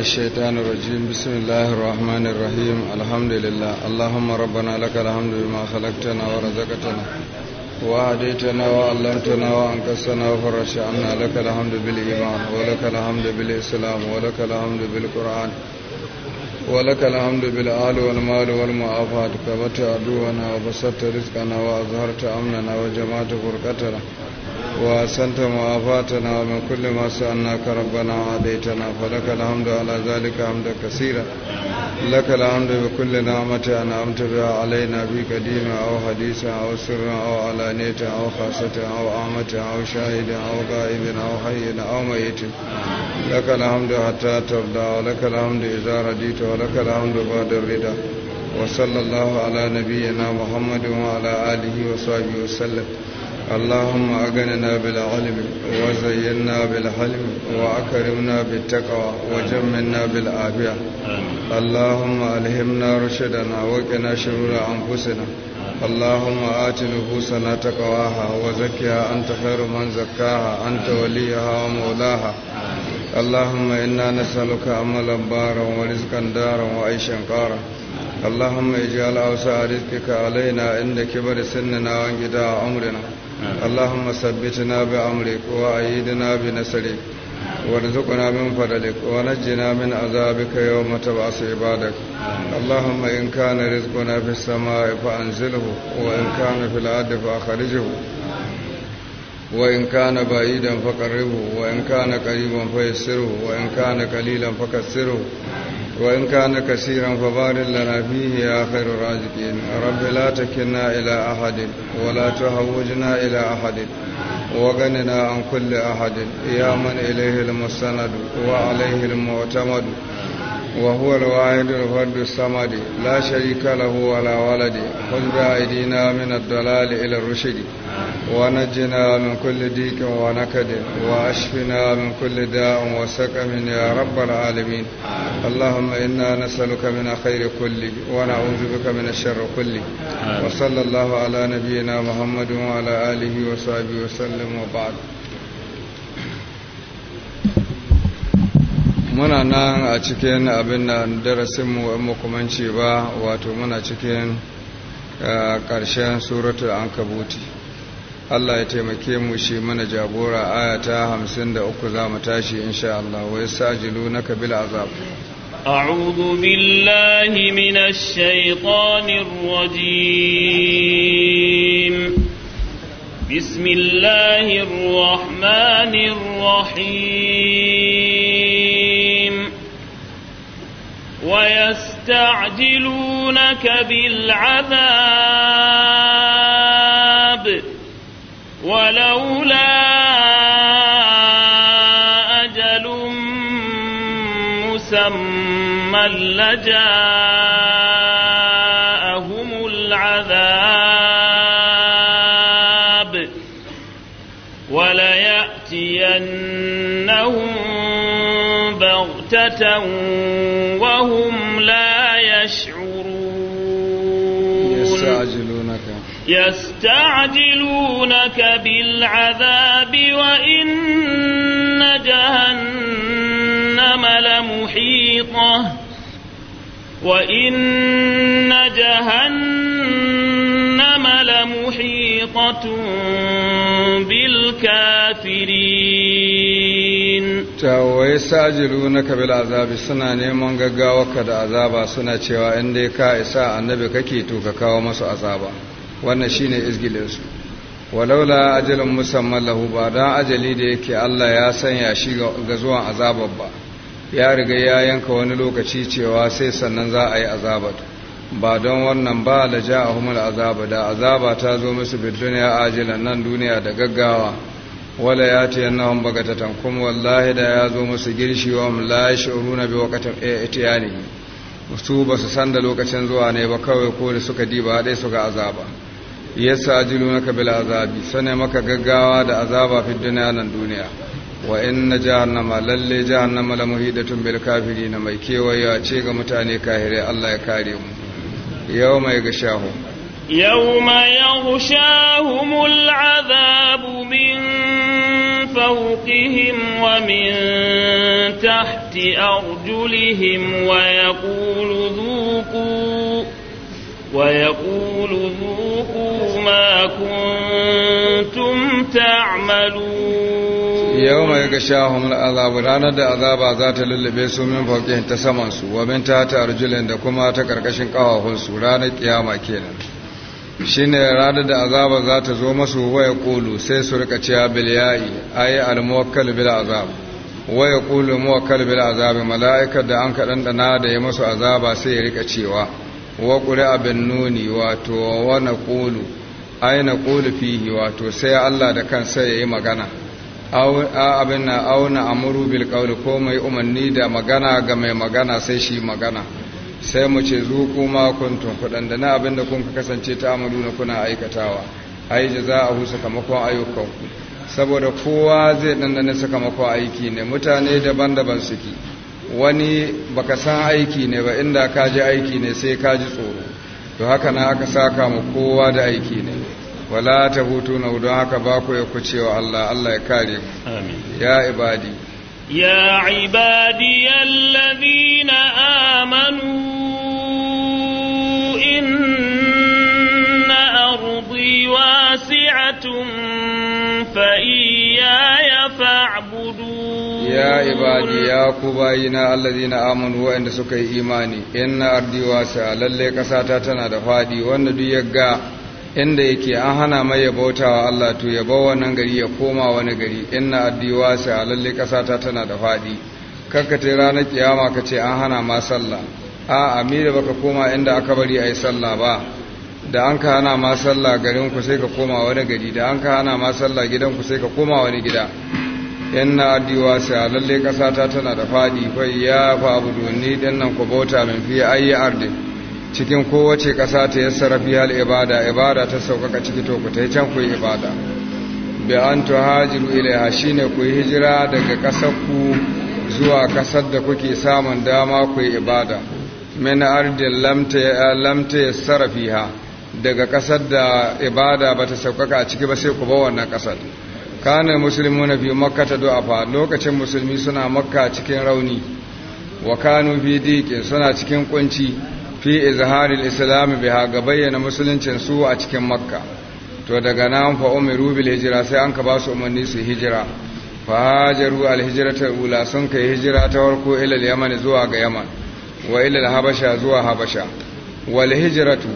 الشيطان الرجيم بسم الله الرحمن الرحيم الحمد لله اللهم ربنا لك الحمد بما خلقتنا ورزقتنا وهديتنا وعلمتنا وأنقذتنا وفرشنا لك الحمد بالإيمان ولك الحمد بالإسلام ولك الحمد بالقرآن ولك الحمد بالآل والمال والمعافات كبت عدونا وبسطت رزقنا وأظهرت أمننا وجمعت فرقتنا وأحسنت معافاتنا ومن كل ما سألناك ربنا وعديتنا فلك الحمد على ذلك حمدا كثيرا لك الحمد بكل نعمة أنعمت بها علينا في قديم أو حديث أو سر أو علانية أو خاصة أو عامة أو شاهد أو غائب أو حي أو ميت لك الحمد حتى ترضى ولك الحمد إذا رديت ولك الحمد بعد الرضا وصلى الله على نبينا محمد وعلى آله وصحبه وسلم اللهم أغننا بالعلم وزينا بالحلم وأكرمنا بالتقوى وجمنا بالعافية اللهم ألهمنا رشدنا وقنا شرور أنفسنا اللهم آت نفوسنا تقواها وزكها أنت خير من زكاها أنت وليها ومولاها اللهم إنا نسألك عملا بارا ورزقا دارا وعيشا قارا اللهم اجعل أوسع رزقك علينا عند كبر سننا وانقضاء عمرنا اللهم ثبتنا بأمرك وأيدنا بنصرك وارزقنا من فضلك ونجنا من عذابك يوم تبعث عبادك اللهم إن كان رزقنا في السماء فأنزله وإن كان في الأرض فأخرجه وإن كان بعيدا فقربه وإن كان قريبا فيسره وإن كان قليلا فكسره وإن كان كثيرا فبار لنا فيه يا خير الرازقين رب لا تكلنا إلى أحد ولا تهوجنا إلى أحد وغننا عن كل أحد يا من إليه المستند وعليه المعتمد وهو الواحد الفرد الصمد لا شريك له ولا ولد خذ بأيدينا من الضلال إلى الرشد ونجنا من كل ديك ونكد واشفنا من كل داء وسقم يا رب العالمين اللهم انا نسالك من خير كله ونعوذ بك من الشر كله وصلى الله على نبينا محمد وعلى اله وصحبه وسلم وبعد muna nan a cikin abin da darasinmu in makamanci ba wato muna cikin ƙarshen suratul ankabuti Allah ya taimake mu shi mana jagora aya ta 53 za mu tashi insha Allah wa na bil azab أعوذ بالله من الشيطان الرجيم بسم الله الرحمن الرحيم ويستعجلونك بالعذاب ولولا أجل مسمى لجاءهم العذاب وليأتينهم بغتة وهم لا يشعرون يستعجلونك يستعجلونك بالعذاب وإن جهنم لمحيطة وإن جهنم لمحيطة بالكافرين ويستعجلونك بالعذاب سنة نيمون غاوكا عذابا سنة شوى إندي كا إساء النبي كيتوكا كاومس عذابا wannan shine izgilinsu walaula ajalin musamman lahu ba don ajali da yake Allah ya sanya shi ga zuwan azabar ba ya riga ya yanka wani lokaci cewa sai sannan za a yi azabar ba don wannan ba da ja a humar azabar. da azabar ta zo musu duniya ajilan nan duniya da gaggawa wala ya ce yana wani bagatatan kuma wallahi da ya zo musu girshi wa mu la shi'uru na bi wakatar itiyani su ba su san da lokacin zuwa ne ba kawai ko da suka diba dai ga azaba yasa ajilunaka bil azabi sane maka gaggawa da azaba fi duniya nan duniya wa inna jahannama lalle jahannama la muhidatun bil kafirin mai kewaye ce ga mutane kahire Allah ya kare mu yau mai gashahu يوم min العذاب من min ومن تحت أرجلهم ويقول ذوقوا ويقول ذوقوا ما كنتم تعملون يوم يغشاهم العذاب ranar da azaba za ta lullube su min fauƙin ta saman su wa min ta arjulin da kuma ta ƙarƙashin ƙawahun ranar kenan shine ranar da azaba za ta zo masu waya kulu sai su rika cewa bil yayi ayi al muwakkal bil azab waya kulu muwakkal bil azab mala'ikar da an kaɗan dana da ya masu azaba sai ya rika cewa wa ƙuri'a bin nuni wato wa na ƙulu ai na ƙulu fihi wato sai Allah da kansa ya yi magana abin na auna amuru bil ƙauli ko mai umarni da magana ga mai magana sai shi magana sai mu ce zuku ma kuntum kuɗanda na abin da kun kasance ta amalu na kuna aikatawa ai za a husa kamakon ayyukanku saboda kowa zai ɗanɗana sakamakon aiki ne mutane daban-daban suke wani baka san aiki ne ba inda ka ji aiki ne sai ka ji tsoro to haka na aka saka mu kowa da aiki ne wala ta hutu na don haka ba ku ya kucewa Allah Allah ya kare ku ya ibadi ya ibadi alladhina amanu inna ardi wasi'atun fa ya fa'budu ya ibadi ya ku bayina na amanu wa'anda suka yi imani in inna ardi wasa lalle kasata tana da fadi wanda duk ya ga inda yake an hana mai ya bautawa Allah to ya bawa wannan gari ya koma wani gari in inna ardi wasa lalle kasata tana da fadi karka ta ranar kiyama ka ce an hana ma sallah a amira baka koma inda aka bari ayi sallah ba da an ka hana ma sallah garin ku sai ka koma wani gari da an ka hana ma sallah gidan ku sai ka koma wani gida yan adiwasi a lalle ƙasa ta tana da faɗi bai ya fa abu doni ɗan nan ku min fiye ayi arde cikin kowace kasa ta yassara hal ibada ibada ta sauƙaƙa ciki to ku ta can ku yi ibada bi an to tuhajiru ilaiha shine ku yi hijira daga ƙasar ku zuwa ƙasar da kuke samun dama ku yi ibada min ardin lamta yassara fiha daga ƙasar da ibada ba ta sauƙaƙa ciki ba sai ku ba wannan ƙasar kanar musulmi na fi makka ta du'afa lokacin musulmi suna makka cikin rauni wa kanu fi suna cikin kunci fi izharil islam biha ga bayyana musuluncin su a cikin makka to daga nan fa umiru bil hijra sai an ka ba su umarni su hijira fa hajaru al hijrata ula sun kai hijira ta farko ila al yaman zuwa ga yaman wa ila al habasha zuwa habasha wal hijratu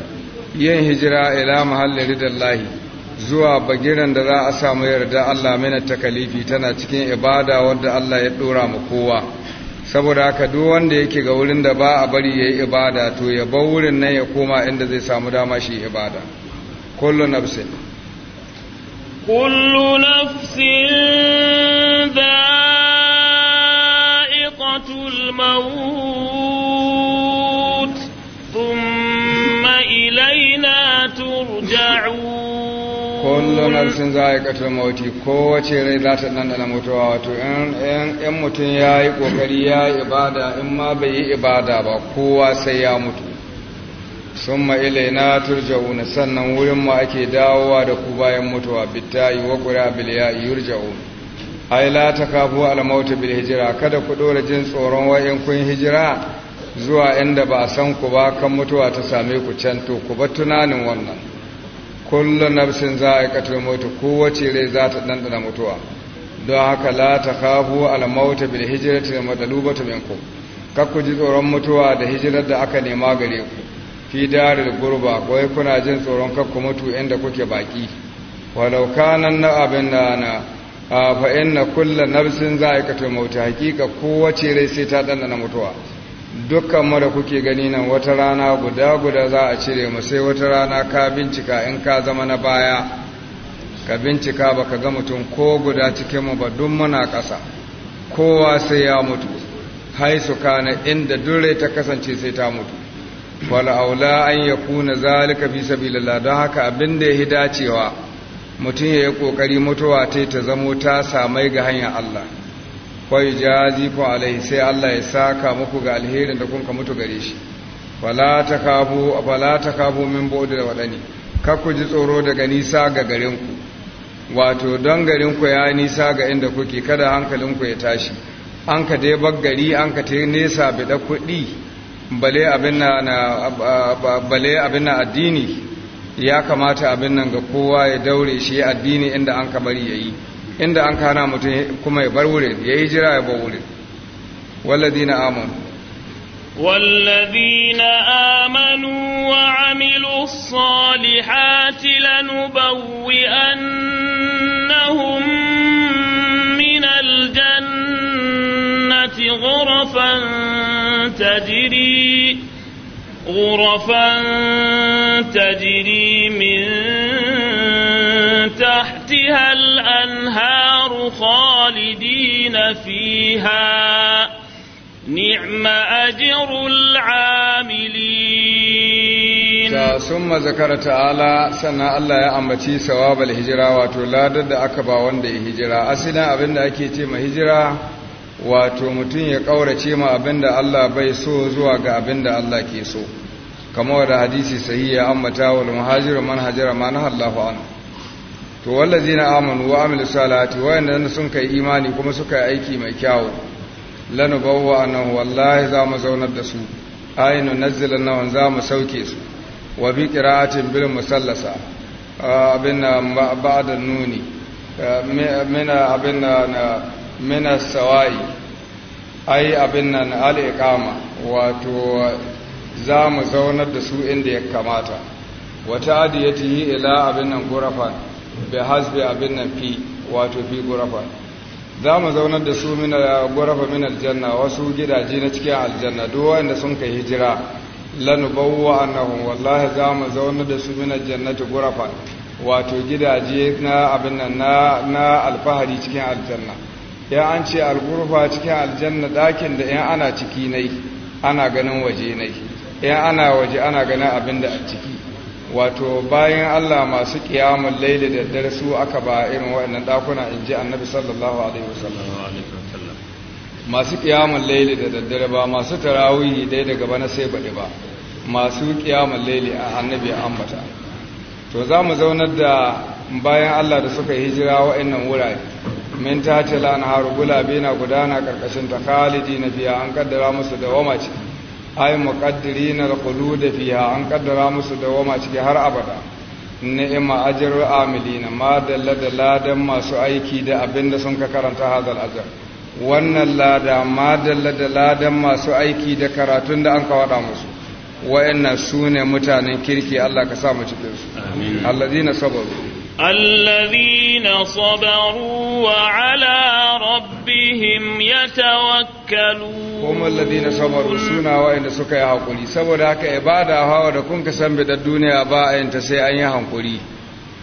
yin hijira ila mahallin ridallahi zuwa bagiran da za a samu yarda Allah mina takalifi tana cikin ibada wadda Allah ya ɗora mu kowa saboda haka duk wanda yake ga wurin da ba a bari yayi ibada to ya bar wurin nan ya koma inda zai samu dama shi ibada kullu nafsin kullu nafsin da'iqatul maut nafsin za a yi mauti kowace rai za ta ɗanɗana mutuwa wato in mutum ya yi ƙoƙari ya yi ibada in ma bai yi ibada ba kowa sai ya mutu sun ma'ilai na turja'una sannan wurin ma ake dawowa da ku bayan mutuwa bittayi wa ƙura biliya yurja'u ai la ta kafu almautu bil hijira kada ku ɗora jin tsoron wa'in kun hijira zuwa inda ba a san ku ba kan mutuwa ta same ku can to ku bar tunanin wannan kullum nafsin za a aikatar mutu kowace rai za ta ɗanɗana mutuwa don haka la ta kafu almauta bil hijirati da ta minku kakku ji tsoron mutuwa da hijirar da aka nema gare ku fi darar gurba kawai kuna jin tsoron kakku mutu inda kuke baki walau kanan na abin da na fa na kullu nafsin za a aikatar mutu hakika kowace rai sai ta ɗanɗana mutuwa dukkan mara kuke gani nan wata rana guda guda za a cire mu sai wata rana ka bincika in ka zama na baya ka bincika ba ka ga mutum ko guda cikin mu ba duk muna ƙasa kowa sai ya mutu haisu kana inda dure ta kasance sai ta mutu wala aula an ya kuna zalika fi sabilillah don haka abin da ya dacewa mutum ya yi kokari mutuwa ta ta zamo ta samai ga hanyar Allah wai jazi ku alai sai Allah ya saka muku ga alherin da kunka mutu gare shi fala ta kabo min bodi da waɗani kar ji tsoro daga nisa ga garinku, wato don garinku ya nisa ga inda kuke kada hankalinku ya tashi an ka dai bar gari an ka ta nesa bida kuɗi bale abin na addini ya kamata abin nan ga kowa ya daure shi addini inda an ka bari yayi inda an kana mutum kuma ya bar wurin ya yi jira ya bar wurin walladina amanu والذين آمنوا وعملوا الصالحات لنبوئنهم من الجنة غرفا تجري غرفا تجري من تحتها الأنهار خالدين فيها نعم أجر العاملين ثم ذكر تعالى سنة الله يا أمتي ثواب الهجرة وتولاد أكبا وند هجرة أسنا أبن أكيتي هجرة wato mutum ya ƙaurace ma abin da Allah bai so zuwa ga abin da Allah ke so kamar da hadisi sahihi ya ambata wal muhajiru man hajara ma nahallahu anhu to na amanu wa amilu salati wayanda sun kai imani kuma suka yi aiki mai kyawu lanubawwa annahu wallahi za mu zaunar da su ayinu nazzila na za mu sauke su wa bi qira'atin bil musallasa abin ba'da nuni min abin na min sawai ai abin nan al iqama wato za mu zaunar da su inda ya kamata wata adiyatihi ila abin nan gurafan bi hasbi abin nan fi wato fi gurafa za mu zaunar da su mina gurafa min aljanna wasu gidaje na cikin aljanna duk wanda sun kai hijira bawwa annahum wallahi za mu zaunar da su min aljannati gurafa wato gidaje na abin nan na alfahari cikin aljanna ya an ce algurfa cikin aljanna ɗakin da yan ana ciki nai ana ganin waje nai yan ana waje ana ganin abin da a ciki wato bayan Allah masu kiyamun laili da dare su aka ba irin waɗannan ɗakuna in ji annabi sallallahu alaihi wasallam masu kiyamun laili da daddare ba masu tarawihi dai daga bana sai baɗi ba masu kiyamun laili a annabi a ambata to za mu zaunar da bayan Allah da suka hijira waɗannan wurare min ta ce la'an haru na gudana ƙarƙashin ta khalidi na biya an kaddara musu da wama ay muqaddirin al-qulud fiha an kaddara musu dawama ciki har abada ni'ma ajrul amilina ma dalla da ladan masu aiki da abinda sun ka karanta hadal ajr wannan lada ma dalla da ladan masu aiki da karatun da an ka wada musu wayannan sune mutanen kirki Allah ka sa mu cikin su alladina sabaru الذين صبروا وعلى ربهم يتوكلون هم الذين صبروا سونا وإن سكا يحقلي سبدا إبادة هوا دكون كسن بدا الدنيا باء انت سي أن يحقلي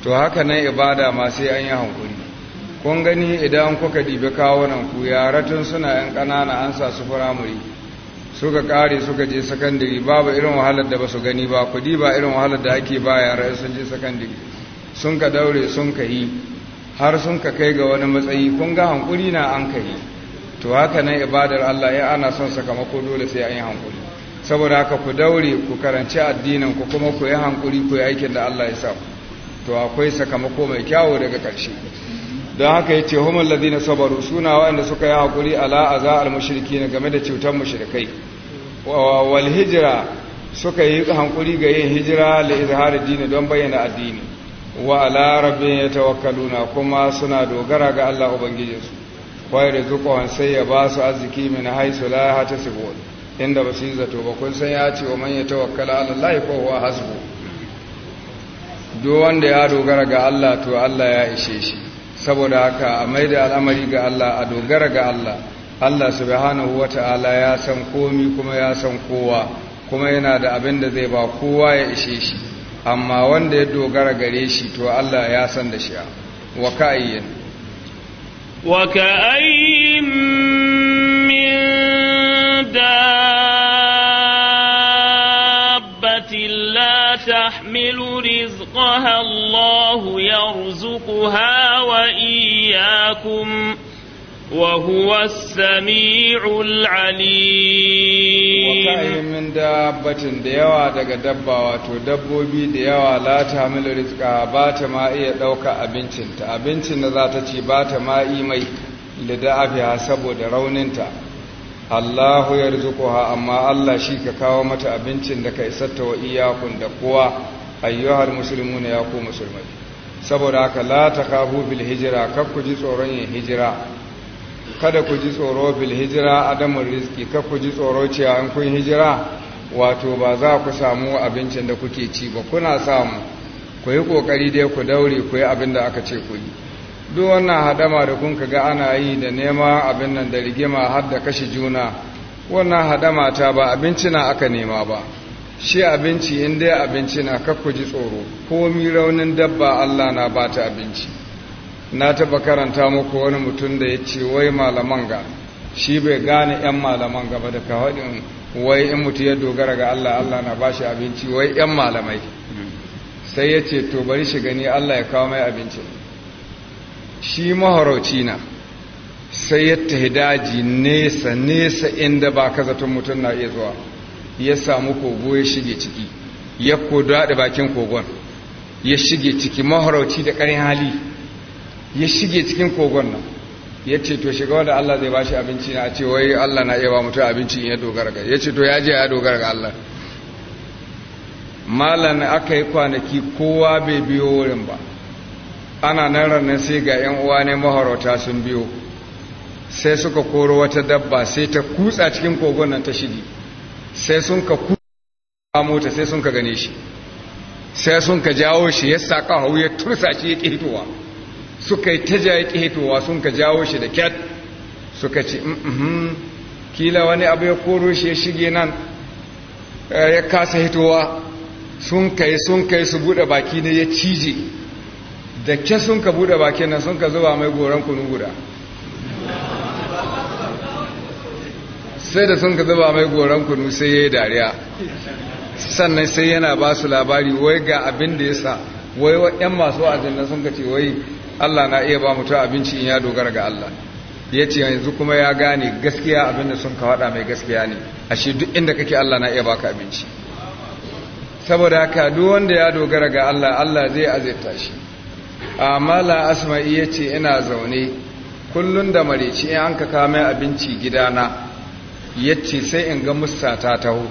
to haka nan ibada ma sai an yi kun gani idan kuka dibi kawunan ku yaratun suna yan ƙanana an sa su firamare suka kare suka je sakandiri babu irin wahalar da ba su gani ba kuɗi ba irin wahalar da ake ba yara sun je sakandiri sun ka daure sun ka yi har sun ka kai ga wani matsayi kun ga hankuri na an ka yi to haka nan ibadar Allah ya ana son sakamako dole sai an yi hankuri saboda haka ku daure ku karanci addinin ku kuma ku yi hankuri ku yi aikin da Allah ya sa to akwai sakamako mai kyawu daga karshe don haka ya ce humar ladina sabaru suna waɗanda suka yi hakuri ala a al mushriki na game da cutar mashirkai wal hijira suka yi hankuri ga yin hijira la izhar dini don bayyana addini wa ala tawakkalu na kuma suna dogara ga Allah ubangijinsu wa yarzuquhum sai ya ba su arziki min haisu la hatasibun inda ba su yi zato ba kun san ya ce wa man ya ala Allah fa huwa hasbu duk wanda ya dogara ga Allah to Allah ya ishe shi saboda haka a mai da al'amari ga Allah a dogara ga Allah Allah subhanahu wata'ala ya san komi kuma ya san kowa kuma yana da abin da zai ba kowa ya ishe shi amma wanda ya dogara gare shi to Allah ya san da shi wa ka'ayyin wa ka'ayyin min dabbatin la tahmilu rizqaha Allah yarzuquha iyyakum وهو السميع العليم da yawa daga dabba دغ دبا واتو دبوبي ديوا لا تعمل رزقا بات ما iya dauka abincin ta abincin da za ta ci bata ta mai lida'afiha saboda rauninta Allahu yarzuquha amma Allah shi ka kawo mata abincin da ka isatta wa iyakun da kowa ayyuhar muslimuna ya ku musulmai saboda haka la takafu bil hijra ku ji tsoron yin hijira kada ku ji tsoro bil hijira adamun rizki ka ku ji tsoro cewa in kun hijira wato ba za ku samu abincin da kuke ci ba kuna samu ku yi kokari dai ku daure ku yi abin da aka ce ku yi duk wannan hadama da kun ga ana yi da nema abin nan da rigima har da kashe juna wannan hadama ta ba abinci na aka nema ba shi abinci in dai abinci na ku ji tsoro komi raunin dabba Allah na bata abinci na taba karanta muku wani mutum da ya ce wai malaman ga shi bai gane 'yan malaman gaba da kawai wai in mutu ya dogara ga Allah Allah na ba shi abinci wai 'yan malamai sai ya ce to bari shi gani Allah ya kawo mai abinci shi maharauci na sai ya tahi daji nesa nesa inda ba ka zaton mutum na iya zuwa ya samu kogo ya shige ciki ya kodo da bakin kogon ya shige ciki maharauci da ƙarin hali ya shige cikin kogon nan ya ce to shiga wanda Allah zai bashi abinci na a ce wai Allah na iya ba mutum abinci in ya dogara ga ya ce to ya je ya dogara ga Allah malan aka yi kwanaki kowa bai biyo wurin ba ana nan ranar sai ga yan uwa ne maharauta sun biyo sai suka koro wata dabba sai ta kutsa cikin kogon nan ta shige sai sun ka kutsa mota sai sun ka gane shi sai sun ka jawo shi ya saka hau ya tursa shi ya ƙetowa suka yi ta jaye ƙefewa sun ka jawo shi da kyat suka ce mm, mm-hmm, kila wani abu ya koro shi ya shige nan eh, ya kasa hitowa sun kai sun yi su buɗe baki ne ya cije da ke sun ka buɗe baki nan sun ka zuba mai goron kunu guda sai da sun ka zuba mai goron kunu sai ya yi dariya sannan sai yana ba su labari wai ga abin da ya sa wai 'yan masu wa'azin nan sun ka ce wai Allah na iya ba mutum abinci in ya dogara ga Allah ya ce yanzu kuma ya gane gaskiya abin da sun kawada mai gaskiya ne ashe duk inda kake Allah na iya baka abinci saboda haka duk wanda ya dogara ga Allah Allah zai azirta shi amma la asma'i ya ce ina zaune kullum da mareci in an ka kame abinci gidana ya ce sai in ga musta ta taho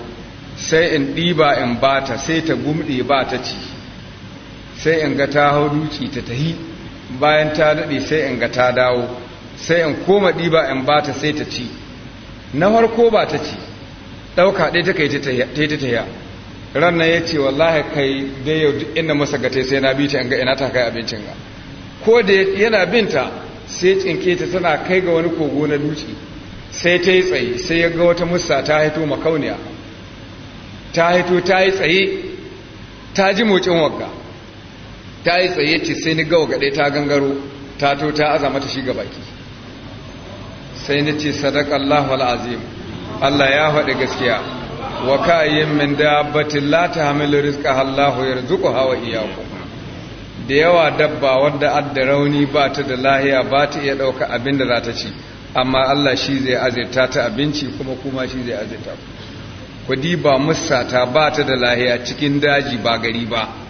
sai in ɗiba in bata sai ta gumɗe ba ta ci sai in ga ta hau duki ta tahi bayan ta daɗe sai in ga ta dawo sai in koma ɗiba in ba ta sai ta ci na farko ba ta ci ɗauka ɗai ta kai ta ta taya ranar ya ce wallahi kai da yau duk inda masa gata sai na bita in ga ina ta kai abincin ga ko da yana binta sai tsinke ta tana kai ga wani kogo na dutse sai ta yi tsaye sai ya ga wata musa ta haito makauniya ta haito ta yi tsaye ta ji mocin wagga ta yi tsaye ce sai ni gawa gaɗe ta gangaro ta to ta aza mata shi ga baki sai ni ce sadaka Allahu al'azim Allah ya faɗi gaskiya wa kayyin min dabbatin la tahmilu Allah Ya yarzuquha hawa iyaku. da yawa dabba wadda adda rauni ba ta da lahiya ba ta iya ɗauka abin da za ta ci amma Allah shi zai azirta ta abinci kuma kuma shi zai azirta ku ba musata ba ta da lahiya cikin daji ba gari ba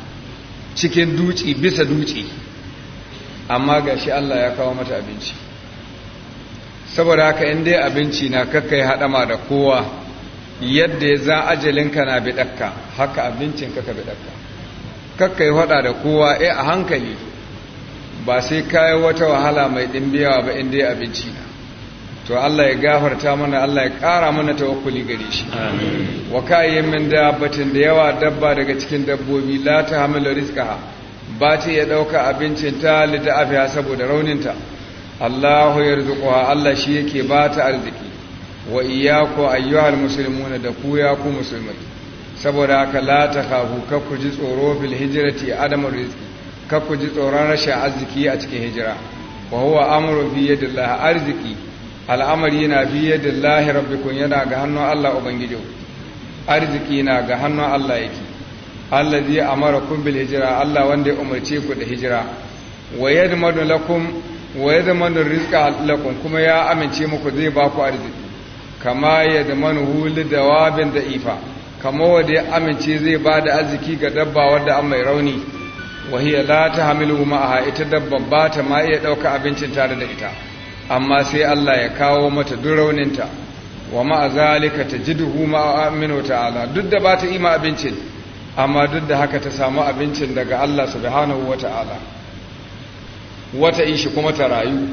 cikin duci bisa duci amma ga shi Allah ya kawo mata abinci saboda haka in dai abinci na kakkai haɗama da kowa yadda ya za ajalinka na biɗakka haka abincin kaka biɗakka kakkai haɗa da kowa eh a hankali ba sai kayan wata wahala mai ɗimbiyawa ba in dai abinci na to Allah ya gafarta mana Allah ya kara mana tawakkuli gare shi wa kayyin min dabbatin da yawa dabba daga cikin dabbobi la ta hamilu rizqaha ba ta ya dauka abincin ta lidafiya saboda rauninta Allahu yarzuquha Allah shi yake ba ta arziki wa iyyaku ayyuhal muslimuna da ku ya ku musulmai saboda haka la ta khafu ku ji tsoro fil hijrati adamu rizqi ku ji tsoron rashin arziki a cikin hijira wa huwa amru bi yadillah arziki al'amari na biye da lahi rabbikun yana ga hannun Allah ubangiji arziki na ga hannun Allah yake Allah zai amara kun bil hijira Allah wanda ya umarce ku da hijira wa yadmanu lakum wa yadmanu rizqa lakum kuma ya amince muku zai ba ku arziki kama yadmanu hulu huli da ifa kama wanda ya amince zai ba da arziki ga dabba wadda an mai rauni wahiya la ta hamilu ma'aha ita dabban ba ta ma iya ɗauka abincin tare da ita amma sai Allah ya kawo mata durauninta wa ma'azalika ta ji duhu ma'aminu ta'ala duk da ba ta ima abincin amma duk da haka ta samu abincin daga Allah subhanahu wa ta'ala wata in shi kuma ta rayu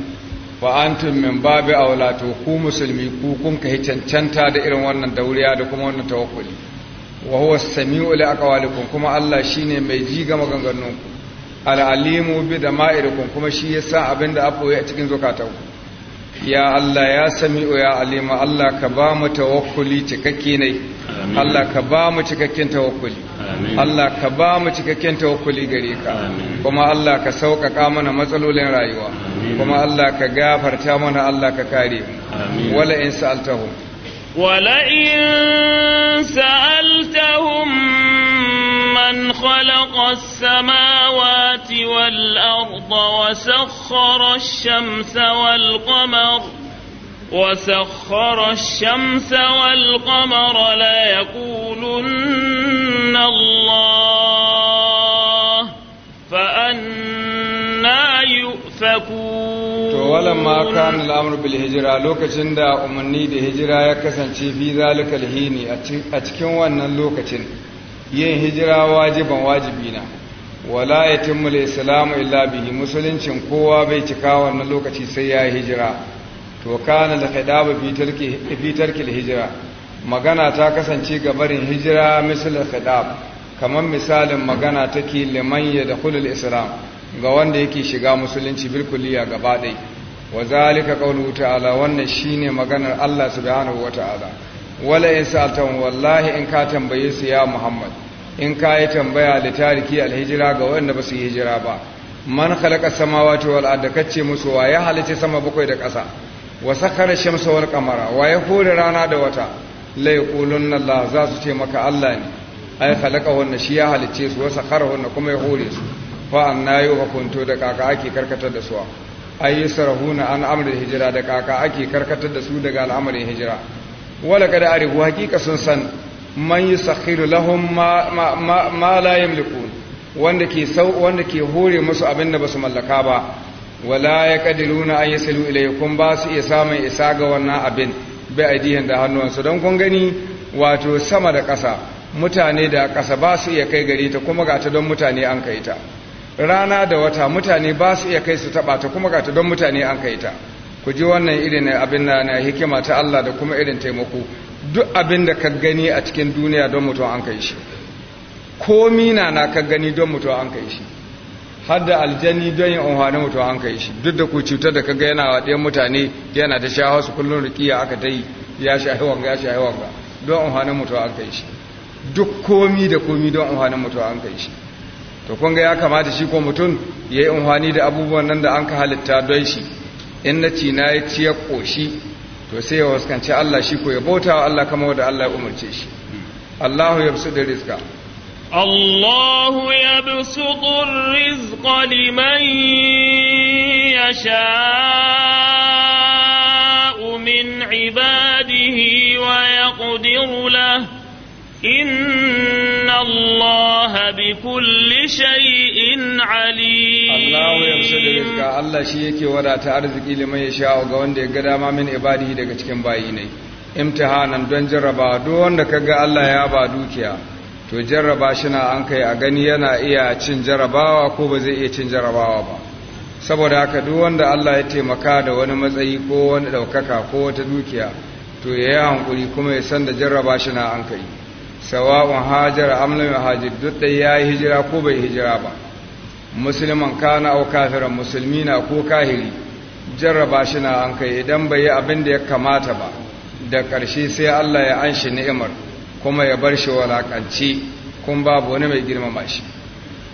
wa antum min babi aula to ku musulmi ku kun yi cancanta da irin wannan dauriya da kuma wannan tawakkuli wa huwa samiu li aqwalikum kuma Allah shine mai ji ga maganganunku al-alimu bi damairikum kuma shi yasa abinda afoye a cikin zakatanku ya Allah ya sami'u ya alima Allah ka ba mu tawakkuli cikakke ne Allah ka ba mu cikakken tawakkuli Allah ka ba mu cikakken tawakkuli gare ka kuma Allah ka sauƙaƙa mana matsalolin rayuwa kuma Allah ka gafarta mana Allah ka kare wala in sa'altahum wala in sa'altahum ممن خلق السماوات والأرض وسخر الشمس والقمر وسخر الشمس والقمر لا الله فأنا يؤفكون to walamma kana al'amru bil hijra lokacin da umarni da hijira ya kasance fi zalikal hini a cikin wannan lokacin yin hijira wajiban wajibi na wala ya yatimul islamu illa bihi musuluncin kowa bai cika wannan lokaci sai ya hijira to kana da khidaba fi tarki fi hijira magana ta kasance ga barin hijira misal khidab kamar misalin magana take liman ya dakhulul islam ga wanda yake shiga musulunci bilkuliya gaba ɗaya wa zalika qawlu ta'ala wannan shine maganar Allah subhanahu wa wala in sa'atan wallahi in ka tambaye su ya muhammad in ka yi tambaya da tariki alhijira ga wanda ba su yi hijira ba man khalaqa samawati wal arda kace musu wa ya halice sama bakwai da ƙasa wa sakhara shamsa wal qamara wa ya hore rana da wata Lai qulunna allah za su ce maka allah ne ai khalaqahunna shi ya halice su wa sakharahunna kuma ya hore su fa anna yuhakuntu da kaka ake karkatar da su ayyusrahuna an amri hijira da kaka ake karkatar da su daga al'amarin hijira wala kada arihu hakika sun san man yusakhiru lahum ma ma ma la yamlikun wanda ke sau wanda ke hore musu abin da basu mallaka ba wala yaqdiruna an yasilu ilaykum ba su iya samun isa ga wannan abin bi aidihin da hannuwansu don kun gani wato sama da ƙasa mutane da ƙasa ba su iya kai gari ta kuma ga don mutane an kai ta rana da wata mutane ba su iya kai su taɓa ta kuma ga don mutane an kai ta ku ji wannan irin abin na na hikima ta Allah da kuma irin taimako duk abin da ka gani a cikin duniya don mutum an kai shi ko na na ka gani don mutum an kai shi har da aljani don yin amfani mutum an kai shi duk da ku cutar da ka ga yana wa ɗayan mutane yana ta sha wasu kullum rikiya aka ta yi ya sha wanga ya sha wanga don amfani mutum an kai shi duk komi da komi don amfani mutum an kai shi to kun ga ya kamata shi ko mutum ya yi amfani da abubuwan nan da an ka halitta don shi in na ci na yi ciyar ƙoshi to sai ya waskanci Allah shi ko ya bauta wa Allah kama wadda Allah ya umarce shi Allahu ya fi da rizka Allahu ya bi suɗin rizka liman ya sha'u min ibadihi wa ya ƙudiru la إن الله بكل شيء Allah shi yake wadata arziki liman ya sha ga wanda ya ga dama min ibadihi daga cikin bayi ne imtihanan don jarraba duk wanda kaga Allah ya ba dukiya to jarraba shi na an kai a gani yana iya cin jarrabawa ko ba zai iya cin jarrabawa ba saboda haka duk wanda Allah ya taimaka da wani matsayi ko wani daukaka ko wata dukiya to ya yi hankuri kuma ya san da jarraba shi na an kai sawa'un hajar amlan hajir duk ya yi hijira ko bai hijira ba musulman kana au kafiran musulmi na ko kahiri jarraba shi na an kai idan bai yi abin da ya kamata ba da ƙarshe sai Allah ya an shi ni'imar kuma ya bar shi walakanci kun babu wani mai girmama shi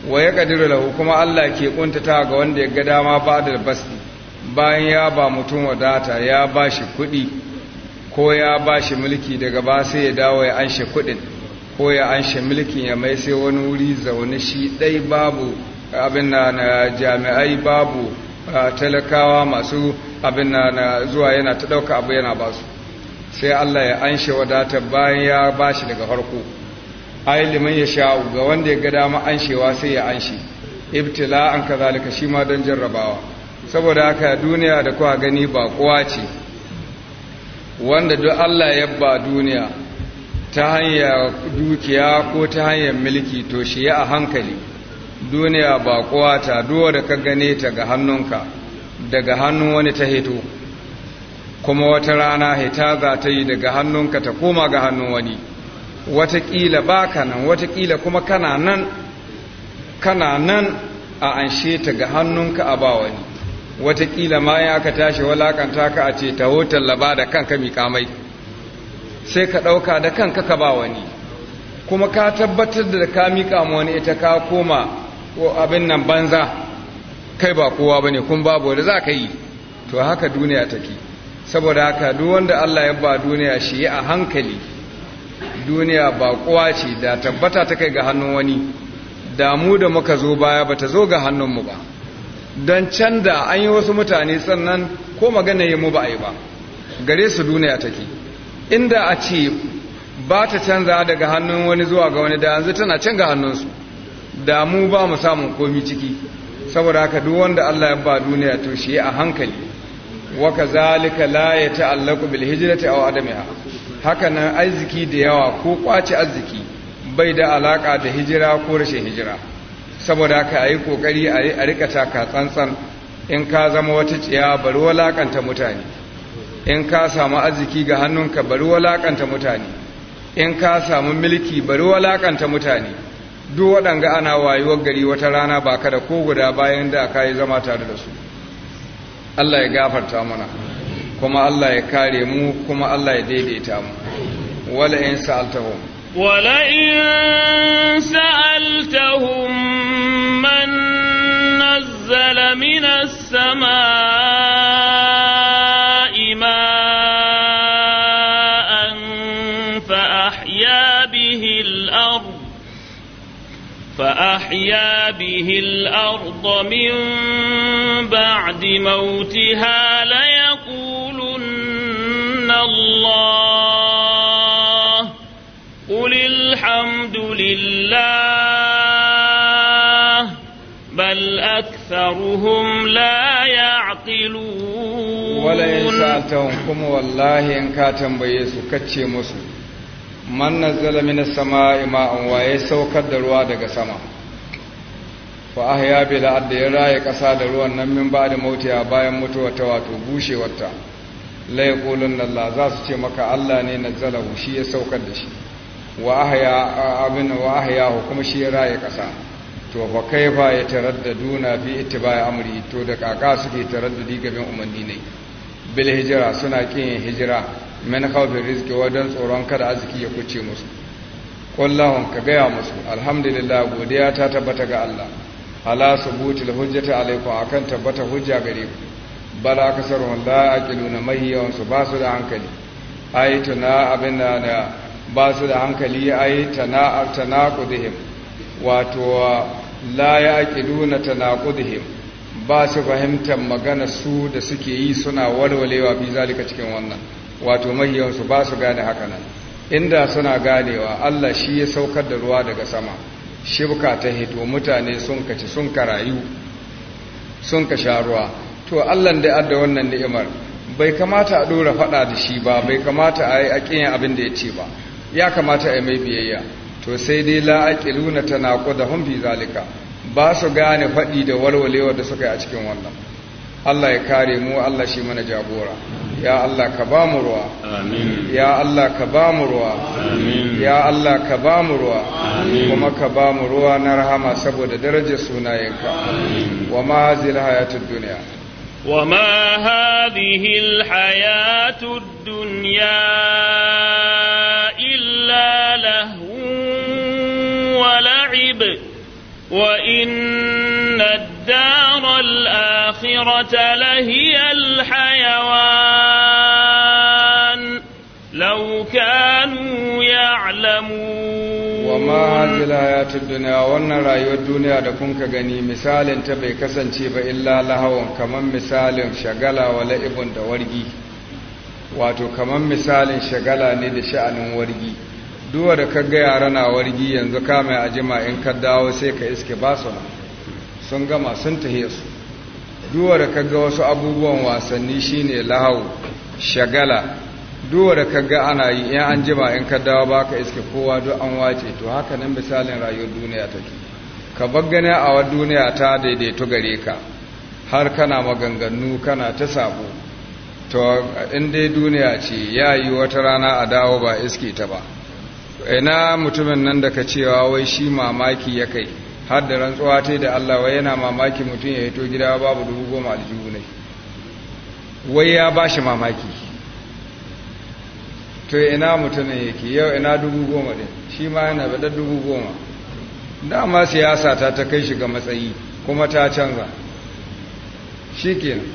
wa ya kadiru lahu kuma Allah ke kuntata ga wanda ya ga dama ba da basti bayan ya ba mutum wadata ya ba shi kuɗi ko ya ba shi mulki daga ba sai ya dawo ya an shi kuɗin ko ya an shi mulkin ya mai sai wani wuri zaune shi ɗai babu abin na na jami'ai babu talakawa masu abin na na zuwa yana ta ɗauka abu yana ba su sai Allah ya anshe wadatar bayan ya ba shi daga farko ai liman ya sha'u ga wanda ya ga dama anshewa sai ya anshi. ibtila an kazalika shi ma don jarrabawa saboda haka duniya da kuwa gani ba kowa ce wanda duk Allah ya ba duniya ta hanyar dukiya ko ta hanyar mulki to shi ya a hankali duniya ba kowa ta duwa da ka gane ta ga hannunka daga hannun wani ta hito kuma wata rana hita za ta yi daga hannunka ta koma ga hannun wani watakila ba ka nan watakila kuma kana nan nan a anshe ta ga hannunka a ba wani watakila ma ya ka tashi walakanta ka a ce ta hotar laba da kanka miƙa sai ka ɗauka da kanka ka ba wani kuma ka tabbatar da ka mika wani ita ka koma Ko abin nan banza kai ba kowa bane kun babu da za ka yi to haka duniya take saboda haka duk wanda Allah ya ba duniya shi a hankali duniya ba kowa ce da tabbata ta kai ga hannun wani da mu da muka zo baya ba ta zo ga hannunmu ba don can da an yi wasu mutane sannan ko magana yi mu ba a yi ba gare su duniya take inda a ce ba ta canza daga hannun wani zuwa ga wani da yanzu tana can ga hannunsu da mu ba mu samun komi ciki saboda haka duk wanda Allah ya ba duniya to shi a hankali wa kazalika la yata'allaqu bil hijrati aw adamiha haka nan arziki da yawa ko kwaci arziki bai da alaka da hijira ko rashin hijira saboda haka ayi kokari a rika taka tsantsan in ka zama wata tsiya bari walakanta mutane in ka samu arziki ga hannunka bari walakanta mutane in ka samu mulki bari walakanta mutane duk waɗanga ana wayuwar gari wata rana ba ka da ko guda bayan da ka yi zama tare da su Allah ya gafarta mana kuma Allah ya kare mu kuma Allah ya daidaita mu wala in sa'altahum wala in sa'altahum man nazzala minas samaa أحيا به الأرض من بعد موتها ليقولن الله قل الحمد لله بل أكثرهم لا يعقلون ولئن سألتهم كم والله إن كاتم بيسو كتشي مسلم man nazzala minas sama'i ma'an waye saukar da ruwa daga sama fa ahya bil ard ya raye kasa da ruwan nan min ba da mautiya bayan mutuwa ta wato bushewarta la yaqulun Allah za su ce maka Allah ne nazzalahu shi ya saukar da shi wa ahya abin wa ahya kuma shi ya raye kasa to fa kaifa yataraddaduna fi ittiba'i amri to da kaka suke taraddudi gaban umarni ne bil hijira suna kin hijira min khawfir rizqi wa dan tsoron kada arziki ya kuce musu kullahun ka gaya musu alhamdulillah godiya ta tabbata ga Allah ala subutul hujjati alaykum akan tabbata hujja gare ku bala kasaru la aqiluna mahiyan su ba su da hankali ayatuna abinda da ba su da hankali ayatuna artanaqudihim wato la yaqiluna tanaqudihim ba su fahimtar magana su da suke yi suna walwalewa fi zalika cikin wannan wato mahiyan su ba su gane haka nan inda suna ganewa Allah shi ya saukar da ruwa daga sama shibka ta hito mutane sun kaci sun karayu sun ka sharuwa to Allah da adda wannan ni'imar bai kamata a dora fada da shi ba bai kamata a yi aƙiyan abin da ya ce ba ya kamata a yi mai biyayya to sai dai la'aƙiluna ta naƙo da hunfi zalika ba su gane faɗi da walwalewa da suka yi a cikin wannan Allah ya kare mu Allah shi mana jagora ya Allah ka ba mu ruwa ya Allah ka ba mu ruwa ya Allah ka ba mu ruwa kuma ka ba ruwa na rahama saboda darajar sunayenka wa duniya wa ma hadhihi dunya illa lahu وإن الدار الآخرة لهي الحيوان لو كانوا يعلمون وما هذه الحياة الدنيا وانا رأي الدنيا دكون كغني مثال تبي كسن تيب إلا لهو كمان مثال شغلا ولئب دورجي واتو كمان مثال شغلا ندشأن ورجي duwa da kaga yara na wargi yanzu ka mai ajima in ka dawo sai ka iske ba su sun gama sun tahiya su duwa da kaga wasu abubuwan wasanni shine lahau shagala duwa da kaga ana yi in an jima in ka dawo ba ka iske kowa duk an wace to haka nan misalin rayuwar duniya take ka baggane a wa duniya ta daidaito gare ka har kana maganganu kana ta sabo to in dai duniya ce ya yi wata rana a dawo ba iske ta ba ina mutumin nan da ka cewa wai shi mamaki ya kai har da rantsuwa ta da Allah wai yana mamaki mutum ya hito gida babu dubu goma aljihu ne wai ya ba shi mamaki to ina mutumin yake yau ina dubu goma ne shi ma yana da dubu goma dama siyasa ta ta kai shi ga matsayi kuma ta canza shi kenan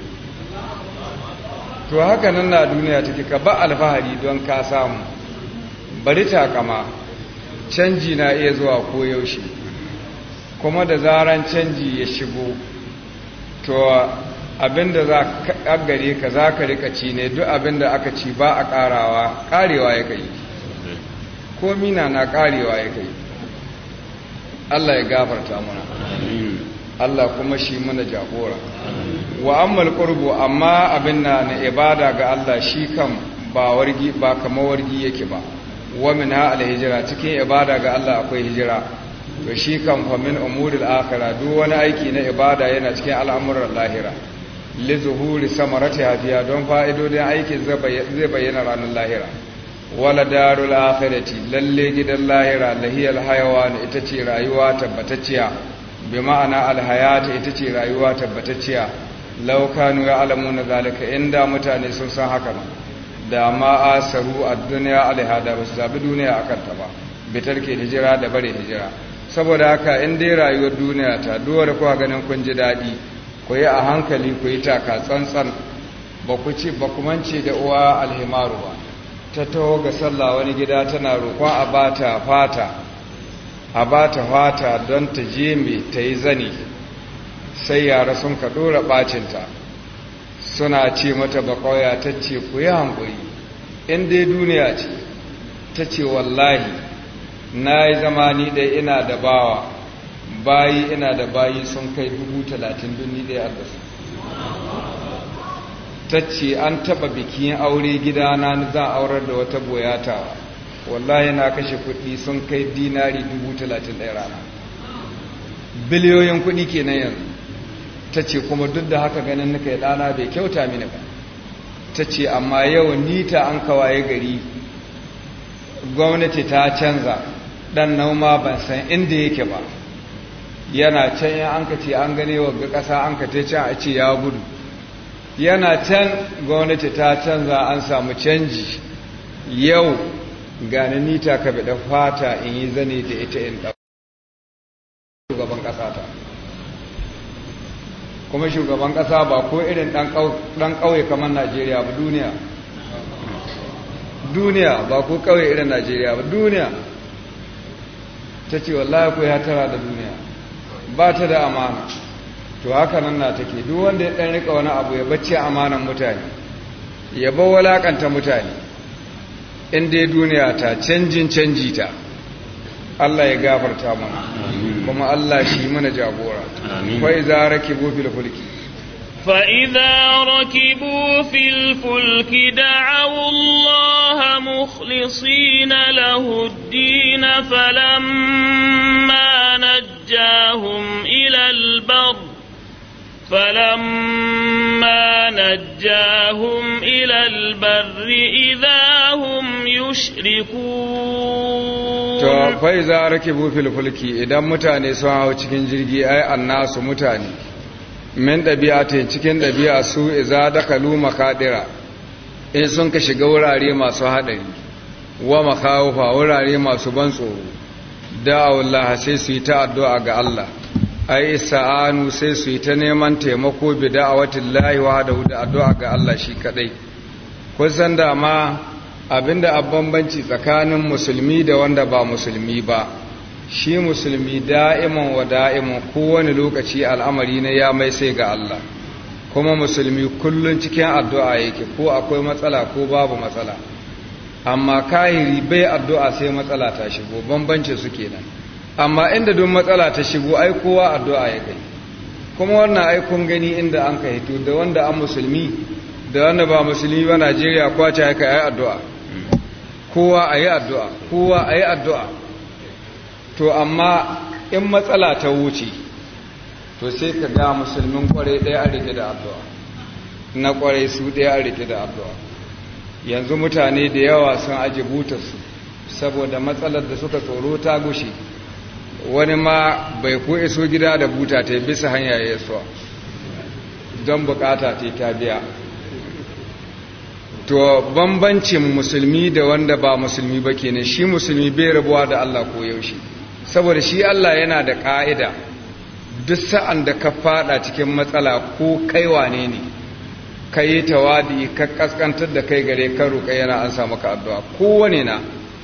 to haka nan na duniya take ka ba alfahari don ka samu bari takama canji na iya zuwa koyaushe kuma da zaran canji ya shigo to abinda za ka gare ka za ka rika ci ne duk abinda aka ci ba a karawa karewa ya kai ko mina na karewa ya kai Allah ya gafarta muna Allah kuma shi mana jagora wa ammal qurbu amma abinna na ibada ga Allah shi kam ba wargi ba kamar wargi yake ba wa minha hijira cikin ibada ga Allah akwai hijira to shi kan fa min umuril akhirah duk wani aiki na ibada yana cikin al'amuran lahira li zuhuri samarati fiya don fa'idodin aikin zai bayyana ranar lahira wala darul akhirati lalle gidan lahira lahiyal hayawan ita ce rayuwa tabbatacciya bi ma'ana alhayata ita ce rayuwa tabbatacciya law kanu ya'lamuna zalika inda mutane sun san haka da ma asaru a duniya alhada ba su zaɓi duniya a kanta ba bitar ke hijira da bare hijira saboda haka in dai rayuwar duniya ta duwar kuwa ganin kun ji daɗi ku yi a hankali ku yi taka tsantsan ba ku ci ba ku mance da uwa alhimaru ba ta taho ga sallah wani gida tana roƙon a ba ta fata a ba ta fata don ta je mai ta yi zani sai yara sun ka ɗora ɓacinta suna ce mata bakawaya ta ce ku yi hankuri in dai duniya ce ta ce wallahi na yi zama ni dai ina da bawa bayi ina da bayi sun kai dubu talatin duni da ya su ta ce an taɓa bikin aure gidana za a aurar da wata boyata wallahi na kashe kuɗi sun kai dinari dubu talatin ɗaya rana biliyoyin kuɗi kenan yanzu ta ce kuma duk da haka ganin nika ya ɗana bai kyauta mini ba ta ce amma yau nita an kawaye gari gwamnati ta canza ɗan nauma ban san inda yake ba yana can ya an ce an gane wa ƙasa an ka ta can a ce ya gudu yana can gwamnati ta canza an samu canji yau gane nita ka bi fata in yi zane da ita in ɗau kuma shugaban ƙasa ba ko irin ɗan ƙauye kamar najeriya ba duniya duniya ba ko ƙauye irin najeriya ba duniya ta ce wallahi ko ya tara da duniya ba ta da amana to haka nan na take duk wanda ya ɗan riƙa wani abu ya bacci amanan mutane ya bawa walaƙanta mutane in dai duniya ta canjin canji ta Allah ya gafarta mana kuma Allah shi mana jagora fa idza rakibu fil fulki fa idza rakibu fil fulki da'u Allah mukhlisina lahu ad-din falamma najjahum ila al-barr فلما نجاهم إلى البر إذا هم يشركون to fa iza rakibu fil fulki idan mutane sun hau cikin jirgi ai annasu mutane min dabi'atin cikin dabi'a su iza dakalu makadira in sun ka shiga wurare masu hadari wa makawufa wurare masu ban tsoro da da'awullah sai su yi ta addu'a ga Allah ai sa'anu sai su yi ta neman taimako bi watan lahi wa da addu'a ga Allah shi kadai kusan da ma abinda a bambanci tsakanin musulmi da wanda ba musulmi ba shi musulmi da'iman wa da'iman kowane lokaci al'amari na ya mai sai ga Allah kuma musulmi kullum cikin addu'a yake ko akwai matsala ko babu matsala amma kahiri bai addu'a sai matsala ta shigo bambanci su kenan amma inda don matsala ta shigo ai kowa addu'a ya kai kuma wannan ai kun gani inda an ka hito da wanda an musulmi da wanda ba musulmi ba Najeriya kwace ya kai addu'a kowa ayi addu'a kowa ayi addu'a to amma in matsala ta wuce to sai ka ga musulmin kwarai ɗaya a rike da addu'a na kwarai su ɗaya a rike da addu'a yanzu mutane da yawa sun aje butarsu saboda matsalar da suka tsoro ta gushe wani ma bai ko iso gida da buta ta bisa hanya ya so don bukata ta ta biya to bambancin musulmi da wanda ba musulmi ba kenan shi musulmi bai rabuwa da Allah ko yaushe saboda shi Allah yana da ka'ida duk sa'an da ka fada cikin matsala ko kai wane ne ka yi tawadi ka kaskantar da kai gare kan roƙa yana an samu ka addu'a kowane na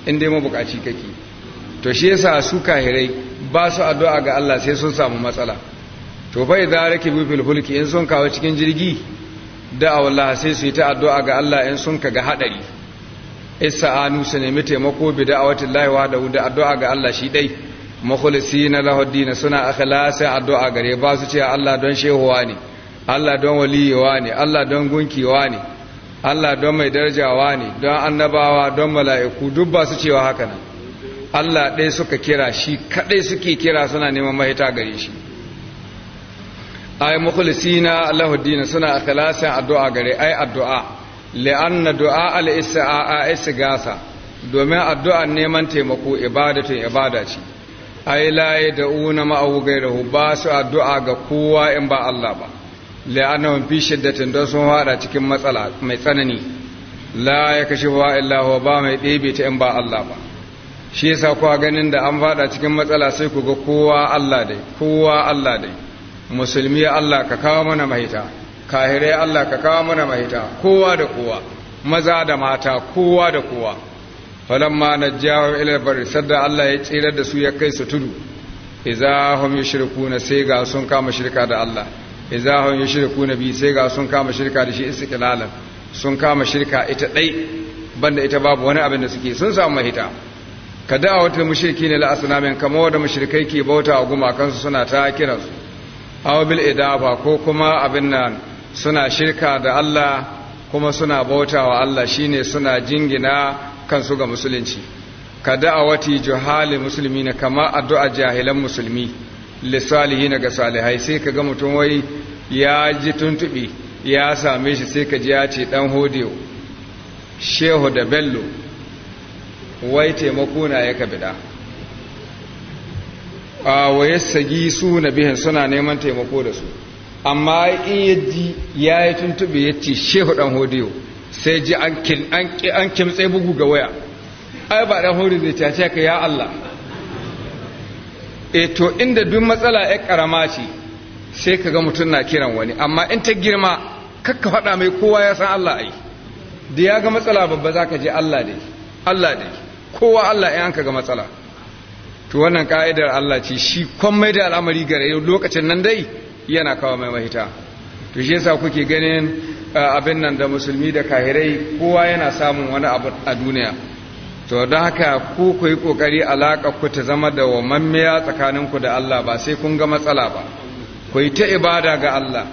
in dai mabukaci kake to shi yasa su kahirai ba su addu'a ga Allah sai sun samu matsala to bai da rake fil hulki in sun kawo cikin jirgi da Allah sai su yi ta addu'a ga Allah in sun kaga hadari isa anu su nemi taimako bi da'awatin laiwa da wuda addu'a ga Allah shi dai mukhlisina lahu din suna akhlasa addu'a gare ba su ce Allah don shehuwa ne Allah don waliyewa ne Allah don gunkiwa ne Allah don mai darajawa ne don annabawa don mala'iku duk ba su cewa haka nan Allah ɗaya suka kira shi kaɗai suke kira suna neman mahita gare shi ai na Lahudina suna a kalasin addu'a gare ai addu'a na du'a a isaa gasa domin addu'a neman taimako ibadatun ibada ce ai laye da una yad'una gai rahu. ba su addu'a ga kowa in ba Allah ba li'annahum fi shiddatin don sun hada cikin matsala mai tsanani la ba mai ɗebe ta in ba Allah ba shi yasa kuwa ganin da an fada cikin matsala sai ku ga kowa Allah dai kowa Allah dai musulmi Allah ka kawo mana mahita kahirai Allah ka kawo mana mahita kowa da kowa maza da mata kowa da kowa falamma najjahu ila bar sadda Allah ya tsira da su ya kai su tudu idza hum yushrikuna sai ga sun kama shirka da Allah idza hum yushrikuna bi sai ga sun kama shirka da shi istiqlalan sun kama shirka ita dai banda ita babu wani abin da suke sun samu mahita ka da'awatul mushrikin la min, kama wadda mushrikai ke bauta a gumakansu suna ta kiransu aw idafa ko kuma abin nan suna shirka da Allah kuma suna bautawa Allah shine suna jingina kansu ga musulunci ka da'awati juhali na, kama addu'a jahilan musulmi na ga salihai sai ka ga mutum wai ya ji tuntubi ya same shi sai ka ji ya ce ɗan hodewa shehu da bello wai taimako na ya kabida a waye sagi su na bihin suna neman taimako da su amma in yaji ya yi tuntube ya ce shehu dan hodiyo sai ji an kimtse bugu ga waya ai ba dan hodiyo zai cace ka ya Allah e to inda duk matsala ya karama ce sai ka ga mutum na kiran wani amma in ta girma kakka faɗa mai kowa ya san Allah ai da ya ga matsala babba za ka je Allah dai Allah dai kowa Allah ya hanka ga matsala to wannan ka'idar Allah ce shi komai da al'amari gare lokacin nan dai yana kawo mai mahita to shi yasa kuke ganin abin nan da musulmi da kahirai kowa yana samun wani abu a duniya to don haka ku ku yi kokari alaka ku ta zama da wamammiya tsakaninku da Allah ba sai kun ga matsala ba ku yi ta ibada ga Allah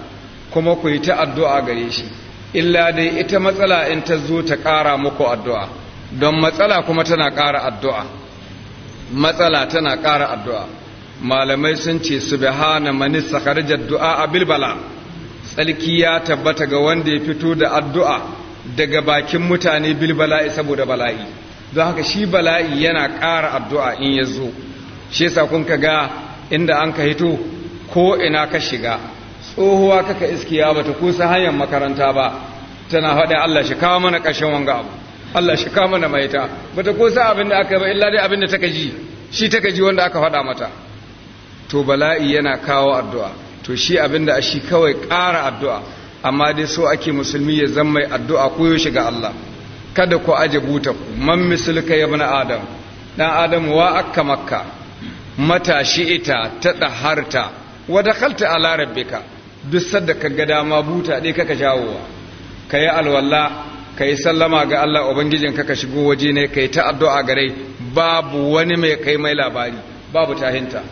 kuma ku yi ta addu'a gare shi illa dai ita matsala in ta zo ta ƙara muku addu'a don matsala kuma tana ƙara addu'a matsala tana ƙara addu'a malamai sun ce su hana mani sakarajar du'a a bilbala tsalki ya tabbata ga wanda ya fito da addu'a daga bakin mutane bilbala'i saboda bala'i don haka shi bala'i yana ƙara addu'a in ya zo shi yasa ka ga inda an ka hito ko ina ka shiga tsohuwa kaka iskiya bata kusa hanyar makaranta ba tana faɗin Allah shi kawo mana ƙarshen wanga abu Allah shi kama na maita bata ko sa abin da aka yi ba illa dai abin da taka ji shi taka ji wanda aka faɗa mata to bala'i yana kawo addu'a to shi abin da shi kawai ƙara addu'a amma dai so ake musulmi ya zama mai addu'a ko koyaushe ga Allah kada ku aje buta ku man misulka ya bani adam dan adam wa akka makka matashi ita ta daharta wa dakhalta ala rabbika duk sadda ka ga dama buta dai kaka jawowa kayi alwala ka yi sallama ga Allah ubangijin ka ka shigo waje ne ka yi ta’addu’a gare babu wani mai kai mai labari babu tahinta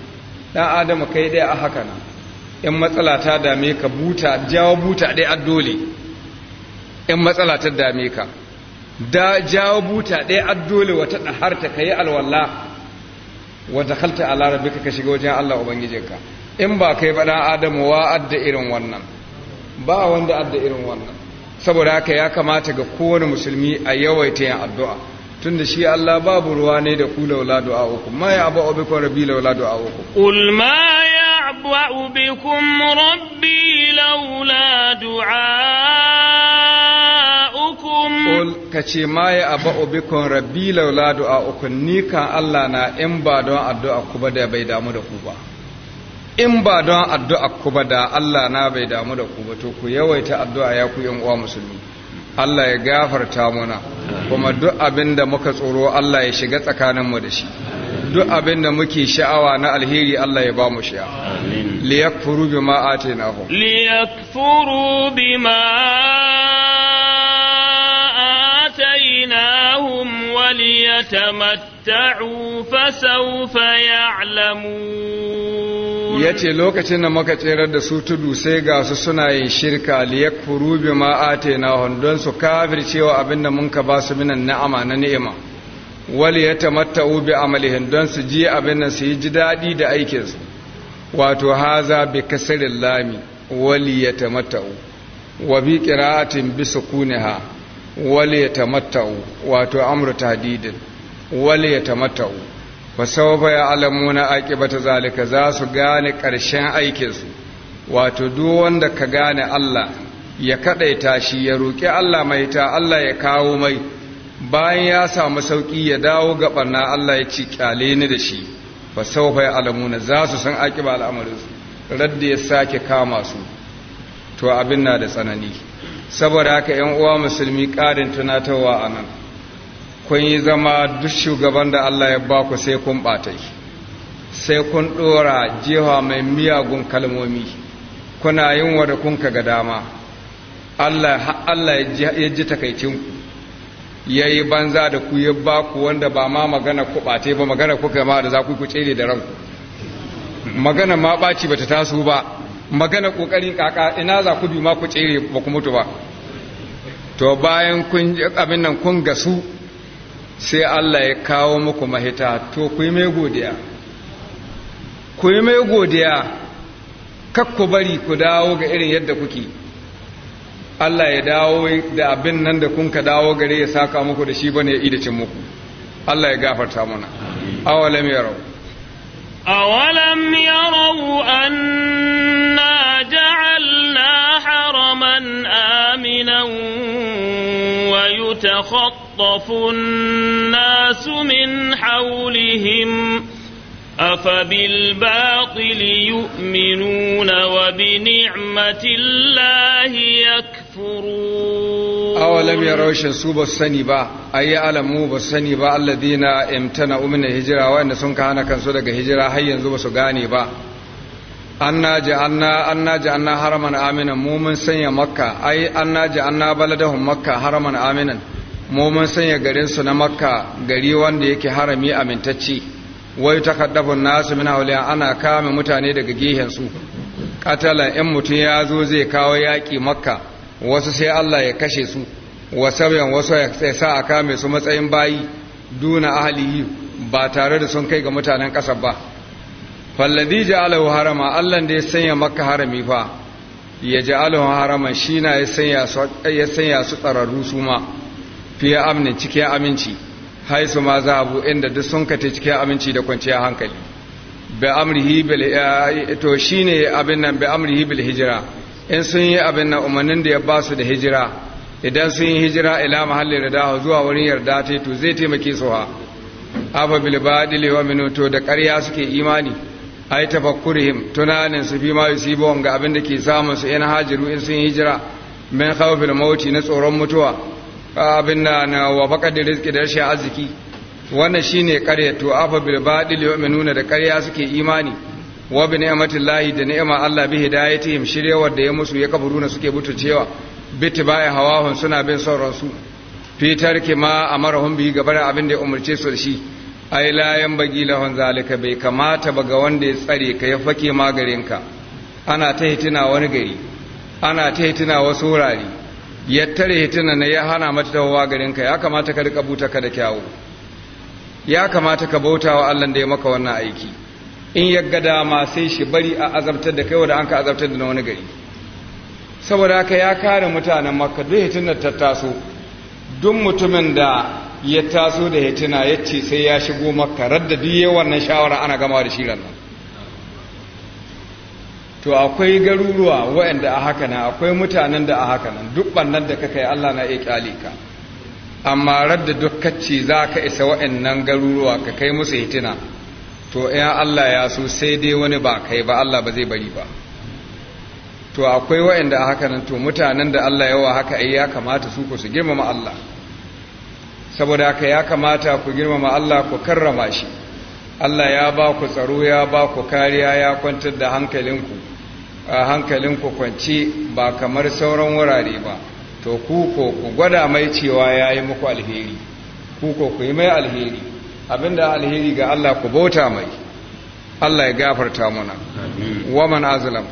ɗan adamu kai ɗaya a haka na in matsala ta dame ka buta jawo buta dai addole in matsala ta dame ka da jawo buta ɗaya addole wata ka yi alwallah wata halta a larabi ka shiga wajen Allah ubangijinka in ba kai ba ɗan adamu wa adda irin wannan ba wanda adda irin wannan saboda haka ya kamata ga kowane musulmi a yawaita yin addu'a tun da shi Allah babu ruwa ne da ku laula du'a uku ma ya abu kwan rabi laula du'a uku Ulma ya abu bikum rabbi laula du'a uku. ka kace ma ya abu kwan rabbi laula du'a uku ni kan Allah na in ba don addu'a ku ba da bai damu da ku ba in ba don addu'a ku ba da Allah na bai damu da ku ba to ku yawaita addu'a ya ku yan uwa musulmi Allah ya gafarta muna kuma duk abin da muka tsoro Allah ya shiga tsakaninmu da shi duk abin da muke sha'awa na alheri Allah ya ba mu shi'a liyakfuru bima atainahum liyakfuru bima atainahum wa liyatamatta'u ya ya'lamun ya ce lokacin da muka tserar da su tudu sai ga su suna yin shirka liyak kurubi ma ate na don su kafir cewa abin da mun ka ba su minan na'ama na ni'ima wali ya tamatta ubi amalihin don su ji abin da su yi ji daɗi da aikinsu wato haza bi kasirin lami wali ya u wa bi qira'atin bi ha wali ya u wato amru tahdidin wali ya u fasawaba ya alamuna ta zalika za su gane ƙarshen aikinsu wato duk wanda ka gane Allah ya kaɗaita shi ya roƙi Allah mai ta Allah ya kawo mai bayan ya samu sauƙi ya dawo ga barna Allah ya ci ƙyale ni da shi fasawaba ya na za su san ba al'amarinsu radda ya sake kama su to abin na da tsanani saboda haka 'yan uwa musulmi ƙarin tunatarwa a nan kun yi zama duk shugaban da Allah ya ba ku sai kun batai sai kun ɗora jiha mai miyagun kalmomi kuna yin wa da kun ga dama Allah ya ji takaicinku ya yi banza da ku ya ba ku wanda ba ma magana ku batai ba magana ku ma da za ku ku tsere da ranku magana ma ɓaci ba ta taso ba magana ƙoƙarin kaka ina za ku bi ma ku tsere ba ku mutu ba to bayan kun abin nan kun gasu sai Allah ya kawo muku mahita to ku yi mai godiya ku yi mai godiya kakku bari ku dawo ga irin yadda kuke Allah ya dawo da abin nan da kun ka dawo gare ya saka muku da shi bane ya cin muku Allah ya gafarta mana awalam yarau awalam yarau an إنا جعلنا حرما آمنا ويتخطف الناس من حولهم أفبالباطل يؤمنون وبنعمة الله يكفرون أولم يروا شنسوب السنبا أي ألمو بالسنبا الذين امتنعوا من الهجرة وأن سنك هانا كان سودك هجرة هيا زوب سغاني با anna ji anna anna haraman aminan mu mun sanya makka ai anna anna baladahum makka haraman aminan mu mun sanya garin su na makka gari wanda yake harami amintacci wai takaddabun nasu min hawliya ana kama mutane daga gihen su katala in mutum ya zo zai kawo yaki makka wasu sai Allah ya kashe su wasabiyan wasu ya sa a kame su matsayin bayi duna ahalihi ba tare da sun kai ga mutanen ƙasar ba falladi ja'alahu harama Allah da ya sanya maka harami fa ya ja'alahu haraman shi na ya sanya su tsararru su ma fiye amnin cikin aminci haisu ma zahabu inda duk sun kate cikin aminci da kwanciyar hankali to shi ne to abin nan bi amrihi hibil hijira in sun yi abin nan umarnin da ya ba su da hijira idan sun yi hijira ila da rida zuwa wurin yarda ta to zai taimake su ha afa bil badili minuto da ƙarya suke imani ai tafakkurihim tunanin su fi ma ga abin da ke samun su in hajiru in sun hijira min khawfil mauti na tsoron mutuwa abin da na wa da rizqi da rashin arziki wannan shine karya, to afa bil badil yu'minuna da ƙarya suke imani wa bi ni'matillahi da ni'ma Allah bi hidayatihim shiryawar da ya musu ya kaburuna suke butucewa baya hawahun suna bin sauransu fitar tarki ma amarahum bi gabar abin da ya umarce su da shi ai layan bagi lahon zalika bai kamata ba ga wanda ya tsare ka ya fake magarinka ana ta hitina wani gari ana ta hitina wasu wurare ya tare hitina na ya hana mata ta tawowa garinka ya kamata ka rika buta ka da kyawu ya kamata ka bauta wa Allah da ya maka wannan aiki in ya ga dama sai shi bari a azabtar da kai wanda an ka azabtar da na wani gari saboda haka ya kare mutanen makka duk hitinar ta taso duk mutumin da ya taso da ya tuna ya ce sai ya shigo makka radda duye wannan shawara ana gama da shi nan to akwai garuruwa waɗanda a haka nan akwai mutanen da a haka nan duk bannan da kaka yi Allah na iya kyale ka amma radda dukkanci za ka isa waɗannan garuruwa ka kai musu hitina to ya Allah ya so sai dai wani ba kai ba Allah ba zai bari ba to akwai wa'anda a haka nan to mutanen da Allah yawa haka ai ya kamata su ku su girmama Allah saboda aka ya kamata ku girmama Allah ku karrama shi Allah ya ba ku tsaro ya ba ku kariya ya kwantar da hankalinku hankalinku kwanci ba kamar sauran wurare ba to ku ko ku gwada mai cewa ya yi muku alheri ku ko ku yi mai alheri abinda alheri ga Allah ku bauta mai Allah ya gafarta mana waman azlam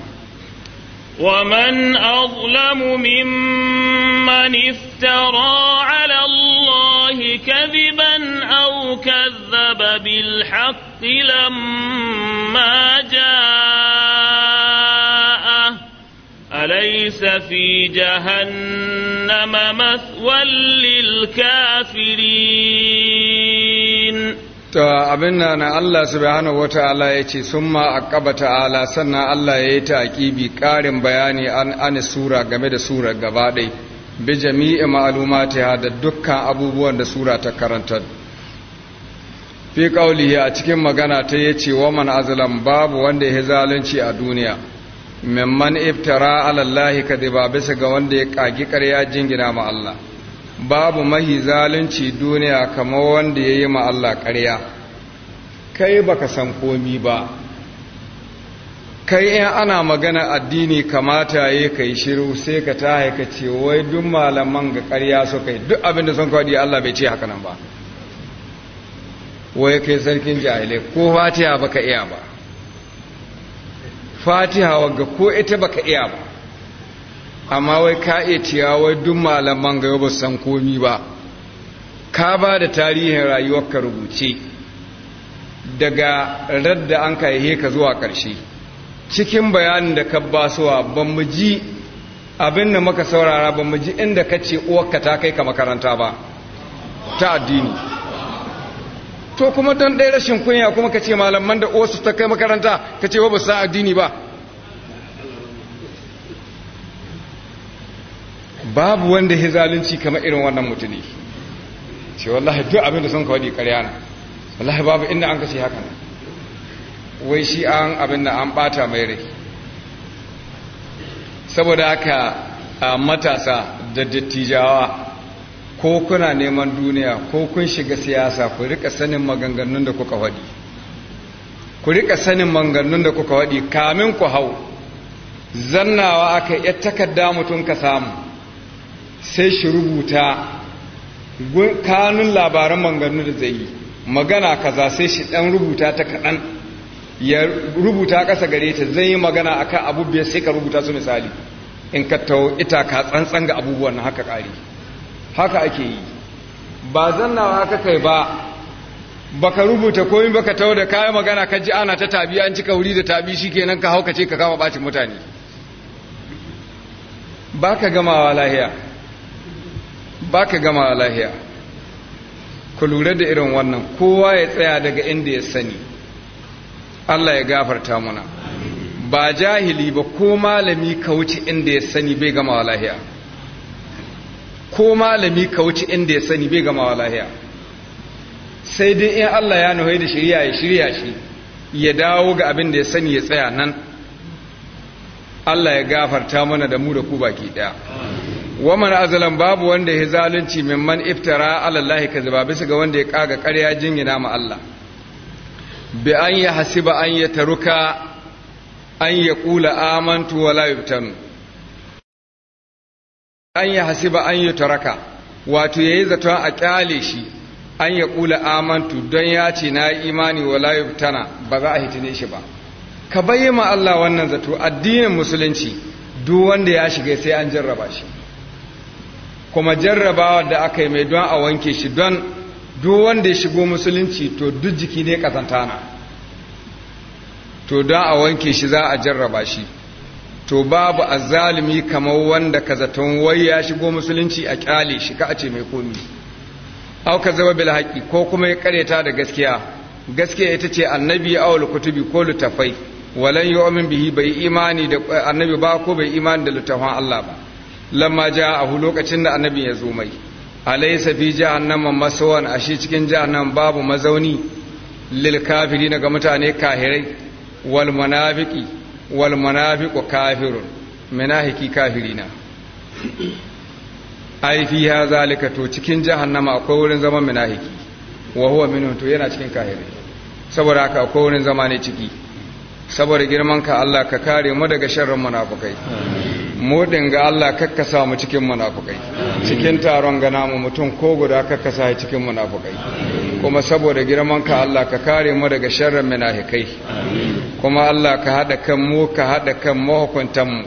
ومن أظلم ممن افترى على الله كذبا أو كذب بالحق لما جاءه أليس في جهنم مثوى للكافرين ta abin na na Allah subhanahu wata'ala ya ce sun ma ƙaba ta'ala sannan Allah ya yi taqibi ƙarin bayani an ani sura game da sura gaba ɗai bi jami'i ta da dukkan abubuwan da sura ta karanta fi ƙaulihi a cikin magana ta yace wa man azalan babu wanda ya zalunci a duniya memman iftara alallahi kadiba bisa ga wanda ya ƙagi ƙarya jingina ma Allah babu mahi zalunci duniya kamar wanda ya yi ma Allah ƙarya kai baka san komi ba kai in ana magana addini kamata ya kai shiru sai ka ta haika ce wai duk malaman ga ƙarya su kai duk abin da sun kwadi Allah bai ce haka nan ba wai kai sarkin jahilai ko fatiha baka iya ba fatiha wagga ko ita baka iya ba amma wai ka iya cewa wai duk malaman ga ba san komi ba ka ba da tarihin rayuwarka rubuce daga radda an ka yi ka zuwa ƙarshe cikin bayanin da ka basuwa ban mu ji abin da muka saurara ban mu ji inda ka ce uwarka ta kai ka makaranta ba ta addini to kuma don ɗaya rashin kunya kuma ka ce malaman da uwarsu ta kai makaranta ka ce wa ba sa addini ba babu wanda ya zalunci kamar irin wannan mutune ce wallahi duk abin da sun ka wadi ƙarya na wallahi babu inda an kashe haka wai shi an abin da an bata mai rai saboda haka matasa da dattijawa ko kuna neman duniya ko kun shiga siyasa ku rika sanin maganganun da kuka wadi ku rika sanin maganganun da kuka wadi kamin ku hau zannawa aka yi takarda mutum ka samu sai shi rubuta kanun labaran manganu da zai yi magana kaza sai shi dan rubuta ta kaɗan ya rubuta ƙasa gare ta zai yi magana kan abubuwa sai ka rubuta su misali in ka tawo ita ka tsantsan ga abubuwan na haka ƙari haka ake yi ba zannawa haka kai ba ba ka rubuta ba ka tawo da kayan magana ka ji ana ta tabi an cika wuri da tabi shi nan ka hau ka ce ka kama bacin mutane Ba baka gamawa lahiya ba ka gama lahiya ku lura da irin wannan kowa ya tsaya daga inda ya sani Allah ya gafarta muna ba jahili ba ko malami ka wuce inda ya sani bai gama lahiya ko malami ka wuce inda ya sani bai gama lahiya sai dai in Allah ya nuhai da shirya ya shirya shi ya dawo ga abin da ya sani ya tsaya nan Allah ya gafarta mana da mu da ku baki daya waman azalan babu wanda ya zalunci mimman iftara alallahi kaziba bisa ga wanda ya kaga ƙarya jingina ma Allah bi an ya hasiba an ya taruka an ya kula amantu wala yubtanu an ya hasiba an ya taraka wato yayi zaton a kyale shi an ya kula amantu don ya ce na imani wala yubtana ba za a hitine shi ba ka bayyana Allah wannan zato addinin musulunci duk wanda ya shiga sai an jarraba shi kuma jarrabawa da aka yi mai don a wanke shi don duk wanda ya shigo musulunci to duk jiki ne kazantana to don a wanke shi za a jarraba shi to babu azzalumi kamar wanda ka zaton wai ya shigo musulunci a kyale shi ka ce mai komi auka zama bil haƙi ko kuma ya karyata da gaskiya gaskiya ita ce annabi awul kutubi ko litafai, walan omin bihi bai imani da annabi ba ko bai imani da littafan Allah ba lamma ja'ahu lokacin da annabi ya zo mai alaysa fi jahannama masawan ashe cikin jahannam babu mazauni lil kafirin ga mutane kahirai wal munafiqi wal munafiqu kafirun munafiki kafirina ai fi zalika to cikin jahannama akwai wurin zaman munafiki wa huwa minhu to yana cikin kahirai saboda haka akwai wurin zama ne ciki saboda girman ka Allah ka kare mu daga sharrin munafikai modin ga Allah kakkasa mu cikin munafukai cikin taron gana mu mutum ko guda kakkasa cikin munafukai kuma saboda girman ka Allah ka kare mu daga sharrin munafikai kuma Allah ka hada kan mu ka hada kan mahukuntan mu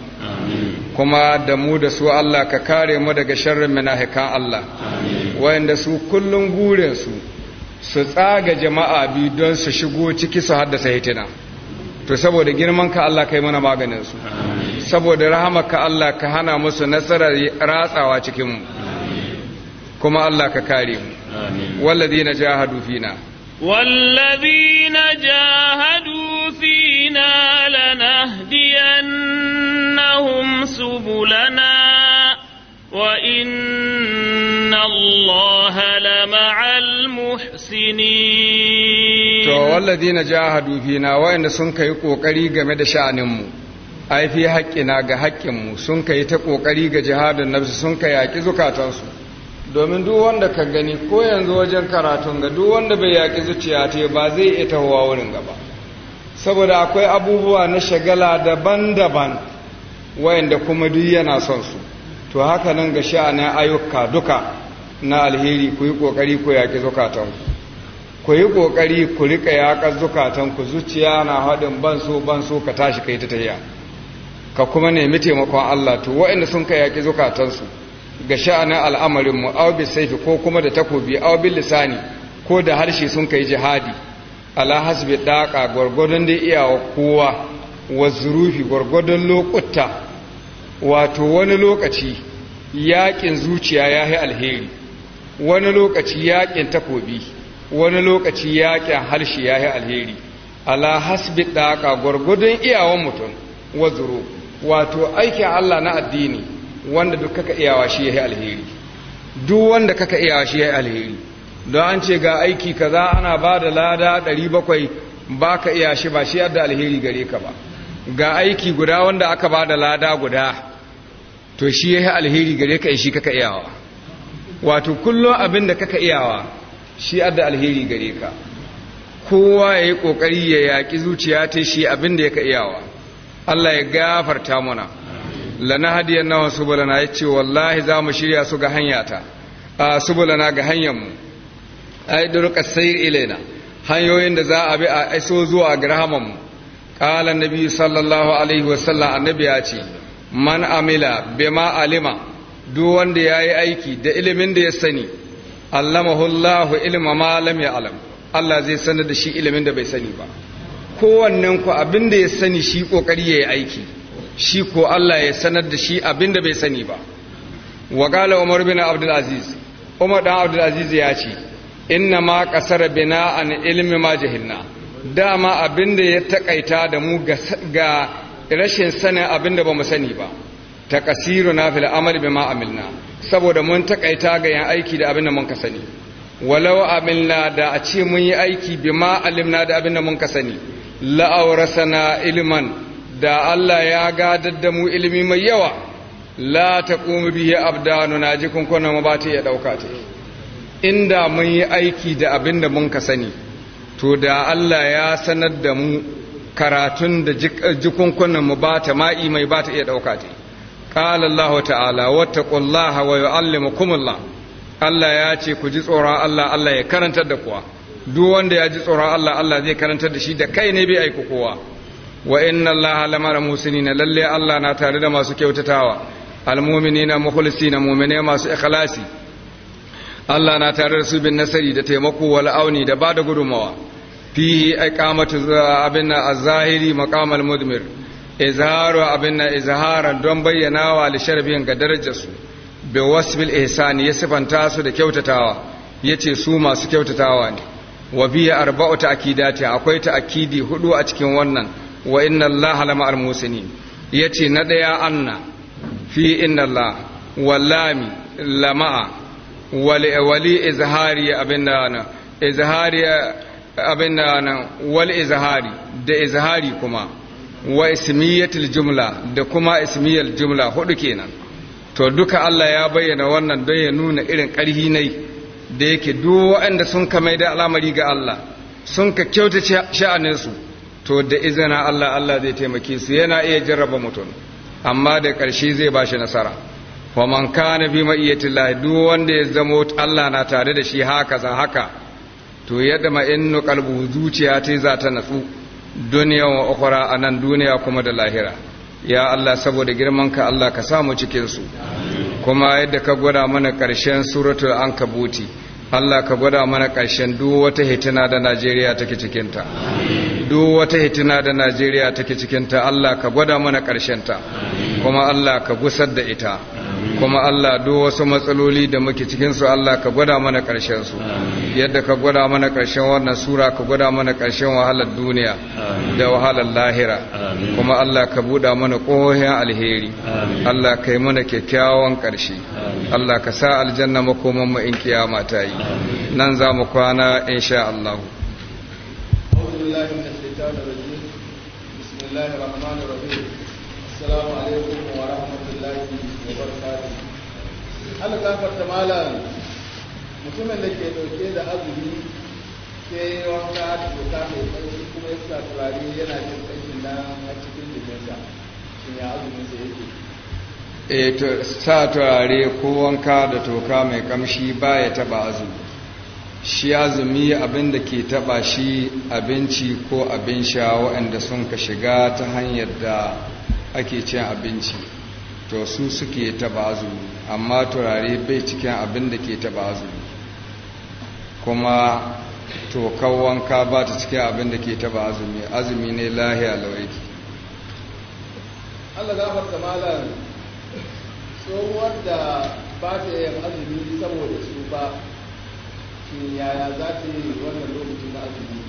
kuma da mu da su Allah ka kare mu daga sharrin munafikan Allah wayanda su kullun gurin su su tsaga jama'a bi don su shigo ciki su haddasa hitina to saboda girman ka Allah kai mana maganin su saboda rahamaka Allah ka hana musu nasarar ratsawa cikinmu kuma Allah ka kare mu walladina jahadu fina walladina jahadu fina lanahdiyannahum subulana wa inna Allah lama'al muhsinin to walladina jahadu fina wa'anda sun kai kokari game da sha'aninmu Aifi fi haƙƙina ga haƙƙinmu sun ka yi ta ƙoƙari ga jihadin nafsu sun ka yaƙi zukatansu domin duk wanda ka gani ko yanzu wajen karatun ga duk wanda bai yaƙi zuciya ta ba zai iya tahowa wurin gaba saboda akwai abubuwa na shagala daban-daban wayanda kuma duk yana son su to haka nan ga sha'anin ayyuka duka na alheri ku yi ƙoƙari ku yaƙi zukatanku ku yi ƙoƙari ku riƙa yaƙar zukatanku zuciya na haɗin ban so ban so ka tashi kai ta tafiya ka kuma nemi taimakon Allah to waɗanda sun kai yaƙi zukatansu ga sha'anin al'amarin mu aw bi sayfi ko kuma da takobi aw bil lisani ko da harshe sun kai jihadi ala hasbi daqa gurgudun da iyawa kowa wa zurufi gurgudun lokuta wato wani lokaci yaƙin zuciya ya yi alheri wani lokaci yaƙin takobi wani lokaci yaƙin harshe ya yi alheri ala hasbi daqa gurgudun iyawan mutum wa zurufi wato aikin Allah na addini wanda duk kaka iyawa shi yayi alheri duk wanda kaka iyawa shi yayi alheri don an ce ga aiki kaza ana ba da lada 700 baka iya shi ba shi yadda alheri gare ka ba ga aiki guda wanda aka ba da lada guda to shi yayi alheri gare ka shi kaka iyawa wato kullum abin da kaka iyawa shi yadda alheri gare ka kowa yayi kokari ya yaki zuciya ta shi abin da yaka iyawa Allah ya gafarta mana lana hadiyar nawa subulana ya ce wallahi za mu shirya su ga hanyata a subulana ga hanyarmu ai durka sai ilaina hanyoyin da za a bi a iso zuwa ga Ƙalan qala nabi sallallahu alaihi wasallam annabi ya ce man amila bima alima duk wanda yayi aiki da ilimin da ya sani allamahu Allahu ilma ma lam ya'lam Allah zai sanar da shi ilimin da bai sani ba kowannen ku abin da ya sani shi kokari yi aiki shi ko Allah ya sanar da shi abin da bai sani ba wa gala umar bin Abdulaziz umar dan Abdulaziz ya ce inna ma qasara bina an ilmi ma jahilna dama abin da ya takaita da mu ga rashin sanin abin da bamu sani ba ta na fil amali bima amilna saboda mun takaita ga yan aiki da abin da mun ka sani walau amilna da a ce mun yi aiki bi ma alimna da abin da mun ka sani la'aurasana ilman da Allah ya gadar da mu ilimi mai yawa la taqumu bihi abdanuna jikun kuna ba ta iya dauka ta inda mun yi aiki da abin da mun ka sani to da Allah ya sanar da mu karatun da jikunkunan mu ba ta ma'i mai ba ta iya dauka ta qala Allah ta'ala wattaqullaha wa yu'allimukumullah Allah ya ce ku ji tsoron Allah Allah ya karantar da kuwa duk wanda ya ji tsoron Allah Allah zai karantar da shi da kai ne bai aiko kowa wa inna Allah lamara na lalle Allah na tare da masu kyautatawa almu'minina mukhlisina mu'mine masu ikhlasi Allah na tare da su bin nasari da taimako wal auni da bada gudumawa fihi iqamatu eh, abinna az-zahiri maqamal mudmir izharu abinna izharan don bayyanawa li sharbin ga darajarsu bi wasbil ihsani ya sifanta su da kyautatawa yace su masu kyautatawa ne wa biya arba'u ta'kidati akwai ta'kidi hudu a cikin wannan wa inna allaha lama yace na daya anna fi inna allah wallami lama wali wali izhari abinda izhari abinda wal izhari da izhari kuma wa ismiyatul jumla da kuma ismiyal jumla hudu kenan to duka Allah ya bayyana wannan don ya nuna irin ƙarhi nai da yake duk waɗanda sun ka mai da al'amari ga Allah sun ka kyauta sha'aninsu to da izina Allah Allah zai taimake su yana iya jarraba mutum amma da ƙarshe zai ba shi nasara wa man kana bi ma'iyatillahi duwa wanda ya zama Allah na tare da shi haka za haka to yadda ma ma'innu qalbu zuciya ta za ta natsu duniya wa ukhra anan duniya kuma da lahira ya Allah saboda girman ka Allah ka samu cikin su kuma yadda ka gwada mana ƙarshen suratul ankabuti Allah ka gwada mana ƙarshen duk wata hitina da Najeriya take cikinta duk wata hitina da Najeriya take cikinta Allah ka gwada mana ƙarshenta kuma Allah ka gusar da ita kuma Allah duk wasu matsaloli da muke cikin su Allah ka gwada mana ƙarshen su yadda ka gwada mana ƙarshen wannan sura ka gwada mana ƙarshen wahalar duniya da wahalar lahira kuma Allah ka buɗa mana ƙohon alheri Allah ka yi mana kyakkyawan ƙarshe Allah ka sa aljanna makoman mu in kiyama ta yi nan za mu kwana insha Allah بسم ala gafarta malam mutumin da ke dauke da azumi ke wanka da doka mai tsarki kuma ya turare yana jin tsarkin nan a cikin jikinsa shi ne azumin sa yake e sa turare ko wanka da toka mai kamshi ba ya taba azumi shi azumi abin da ke taba shi abinci ko abin sha waɗanda sun ka shiga ta hanyar da ake cin abinci to su suke tabazuli amma turare bai cikin abin da ke tabazuli kuma to wanka ba ta cikin abin da ke taba azumi azumi ne lahiya lawaiki Allah gafar da malam tsohuwar da ba ta yi azumi saboda su ba shi yaya za ta yi wannan lokacin na azumi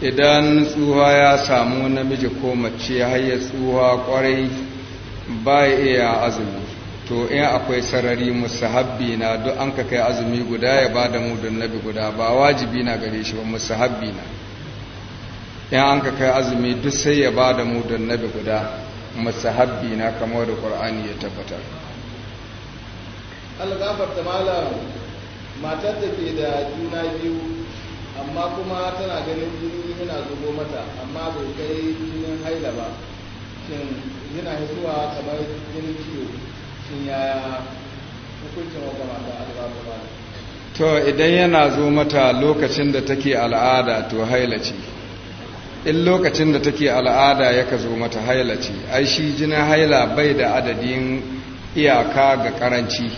idan tsuha ya samu namiji ko mace har ya tsuha kwarai ba ya iya azumi to in akwai sarari musahabbi na duk an ka kai azumi guda ya ba da mudun nabi guda ba wajibi na gare shi ba musahabbi na in an ka kai azumi duk sai ya ba da mudun nabi guda musahabbi na kamar da qur'ani ya tabbatar Allah gafarta malam matar da ke da juna biyu amma kuma tana ganin jini yana zubo mata amma bai kai jinin haila ba shin yana to idan yana zo mata lokacin da take al'ada to haila ce in lokacin da take al'ada yaka zo mata haila ce ai shi jina haila bai da adadin iyaka ga karanci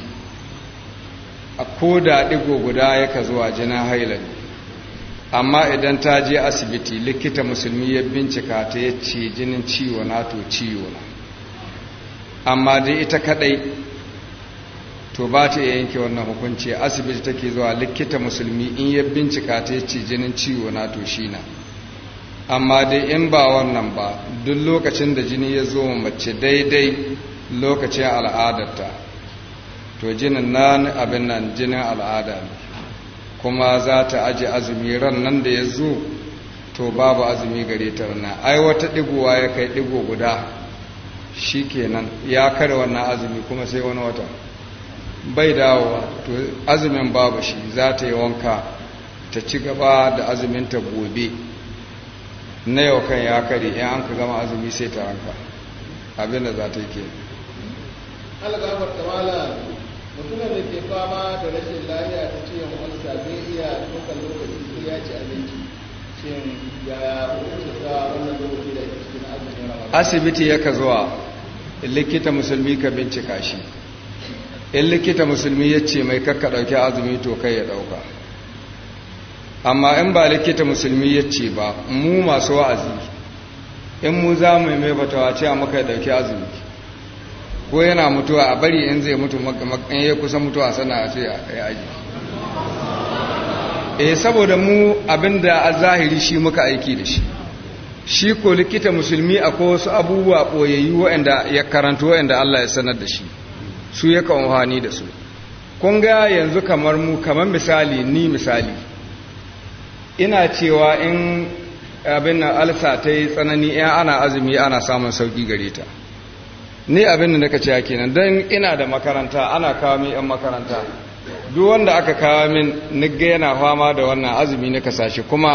a ko da ɗigo guda yaka zuwa jina haila amma idan ta je asibiti likita musulmi ya bincika ta ya ce jinin ciwo na to ciwo na amma dai ita kadai to ba ta iya yanke wannan hukunci asibiti take zuwa likita musulmi in ya bincika ta ya ce jinin ciwo na to shi na amma dai in ba wannan ba duk lokacin da jini ya zo mace daidai lokacin al'adarta to jinin nan abin nan jinin al'ada ne kuma za ta aji azumi ran nan da ya zo to babu azumi gare ta rana ai wata ɗigowa ya kai ɗigo guda shi kenan ya kare wannan azumi kuma sai wani wata bai dawowa to azumin babu shi za ta yi wanka ta ci gaba da azuminta gobe na yau kan ya kare in an ka gama azumi sai ta ranka abinda za ta yi ke mutumin da ke fama da rashin lafiya ta ciwon wasa zai iya dukkan lokaci sai ya ci abinci shin yaya hukunci ta wannan lokaci da ke cikin azumin ramadan asibiti yaka zuwa likita musulmi ka bincika shi in likita musulmi ya ce mai kakka ɗauki azumi to kai ya ɗauka amma in ba likita musulmi ya ce ba mu masu wa'azi in mu za mu yi mai batawa ce a maka ya ɗauki azumi ko yana mutuwa a bari in zai mutu in ya kusa mutuwa sana a ya aji eh saboda mu abinda a zahiri shi muka aiki da shi shi ko likita musulmi akwai wasu abubuwa ɓoyayyu wa'anda ya karanta waɗanda Allah ya sanar da shi su ya kan da su kun ga yanzu kamar mu kamar misali ni misali ina cewa in abin na alsa ta yi tsanani in ana azumi ana samun sauƙi gare ta ni abin da naka cewa kenan don ina da makaranta ana kawo min yan makaranta duk wanda aka kawo min nigga yana fama da wannan azumi na kasashe kuma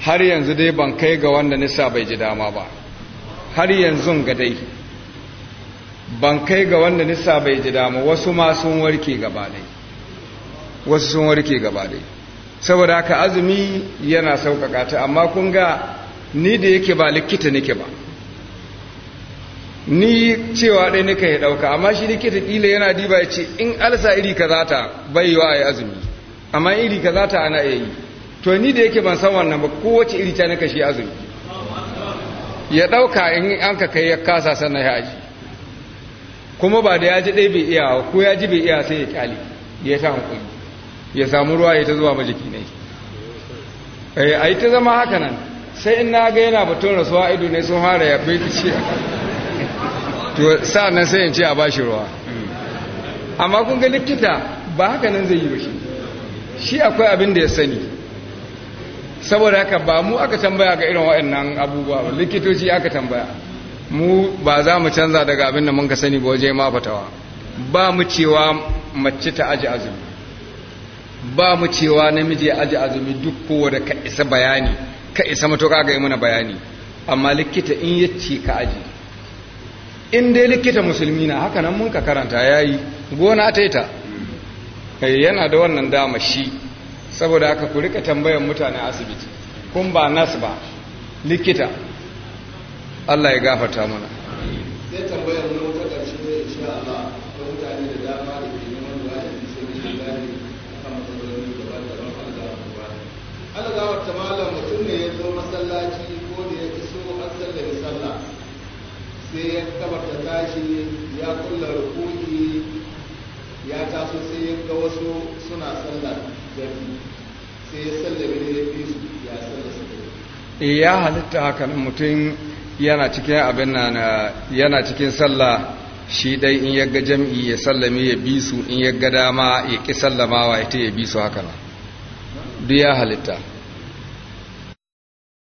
har yanzu dai ban kai ga wanda nisa bai ji dama ba har yanzu ga dai ban kai ga wanda nisa bai ji dama wasu ma sun warke gaba dai wasu sun warke gaba dai saboda haka azumi yana sauƙaƙa ta amma kun ga ni da yake ba likita nake ba ni cewa ɗai nika ya ɗauka amma shi ne ta ƙila yana diba ya ce in alsa iri ka za ta bai wa a azumi amma iri ka za ta ana iya yi to ni da yake ban san wannan ba kowace iri ta nika shi azumi ya ɗauka in an ka kai ya kasa sannan ya aji kuma ba da ya ji ɗai bai iya ko ya ji bai iya sai ya ƙyale ya ta hankali ya samu ruwa ya ta zuwa majiki ne eh, a yi ta zama haka nan sai in na ga yana batun rasuwa ido ne sun fara ya fi ta ce to sa'an nan sai ce a bashi ruwa amma kun ga likita ba haka nan zai yi ba shi shi akwai abin da ya sani saboda haka ba mu aka tambaya ga irin waɗannan abubuwa ba likitoci aka tambaya mu ba za mu canza daga abin da mun ka sani ba waje ma fatawa ba mu cewa mace ta aji azumi ba mu cewa namiji ya aji azumi duk da ka isa bayani ka isa matuƙa ga yi mana bayani amma likita in yace ka aji in dai likita musulmi na haka nan mun ka karanta ya yi gona taita eh, yana da wannan dama shi saboda haka ku rika tambayan mutane asibiti kun ba nas ba likita Allah ya gafata mana ta mana sai ya tabbata tashi ya kulla rukuki ya taso sai ya ga wasu suna sallar jami sai ya sallame ne ya fi su ya sallar su eh, ya halitta haka mutum yana cikin abin nan eh, yana cikin sallah shi dai in ya ga jam'i ya sallame ya bi su in ya ga dama ya ki sallamawa ita ya bi su haka duk ya halitta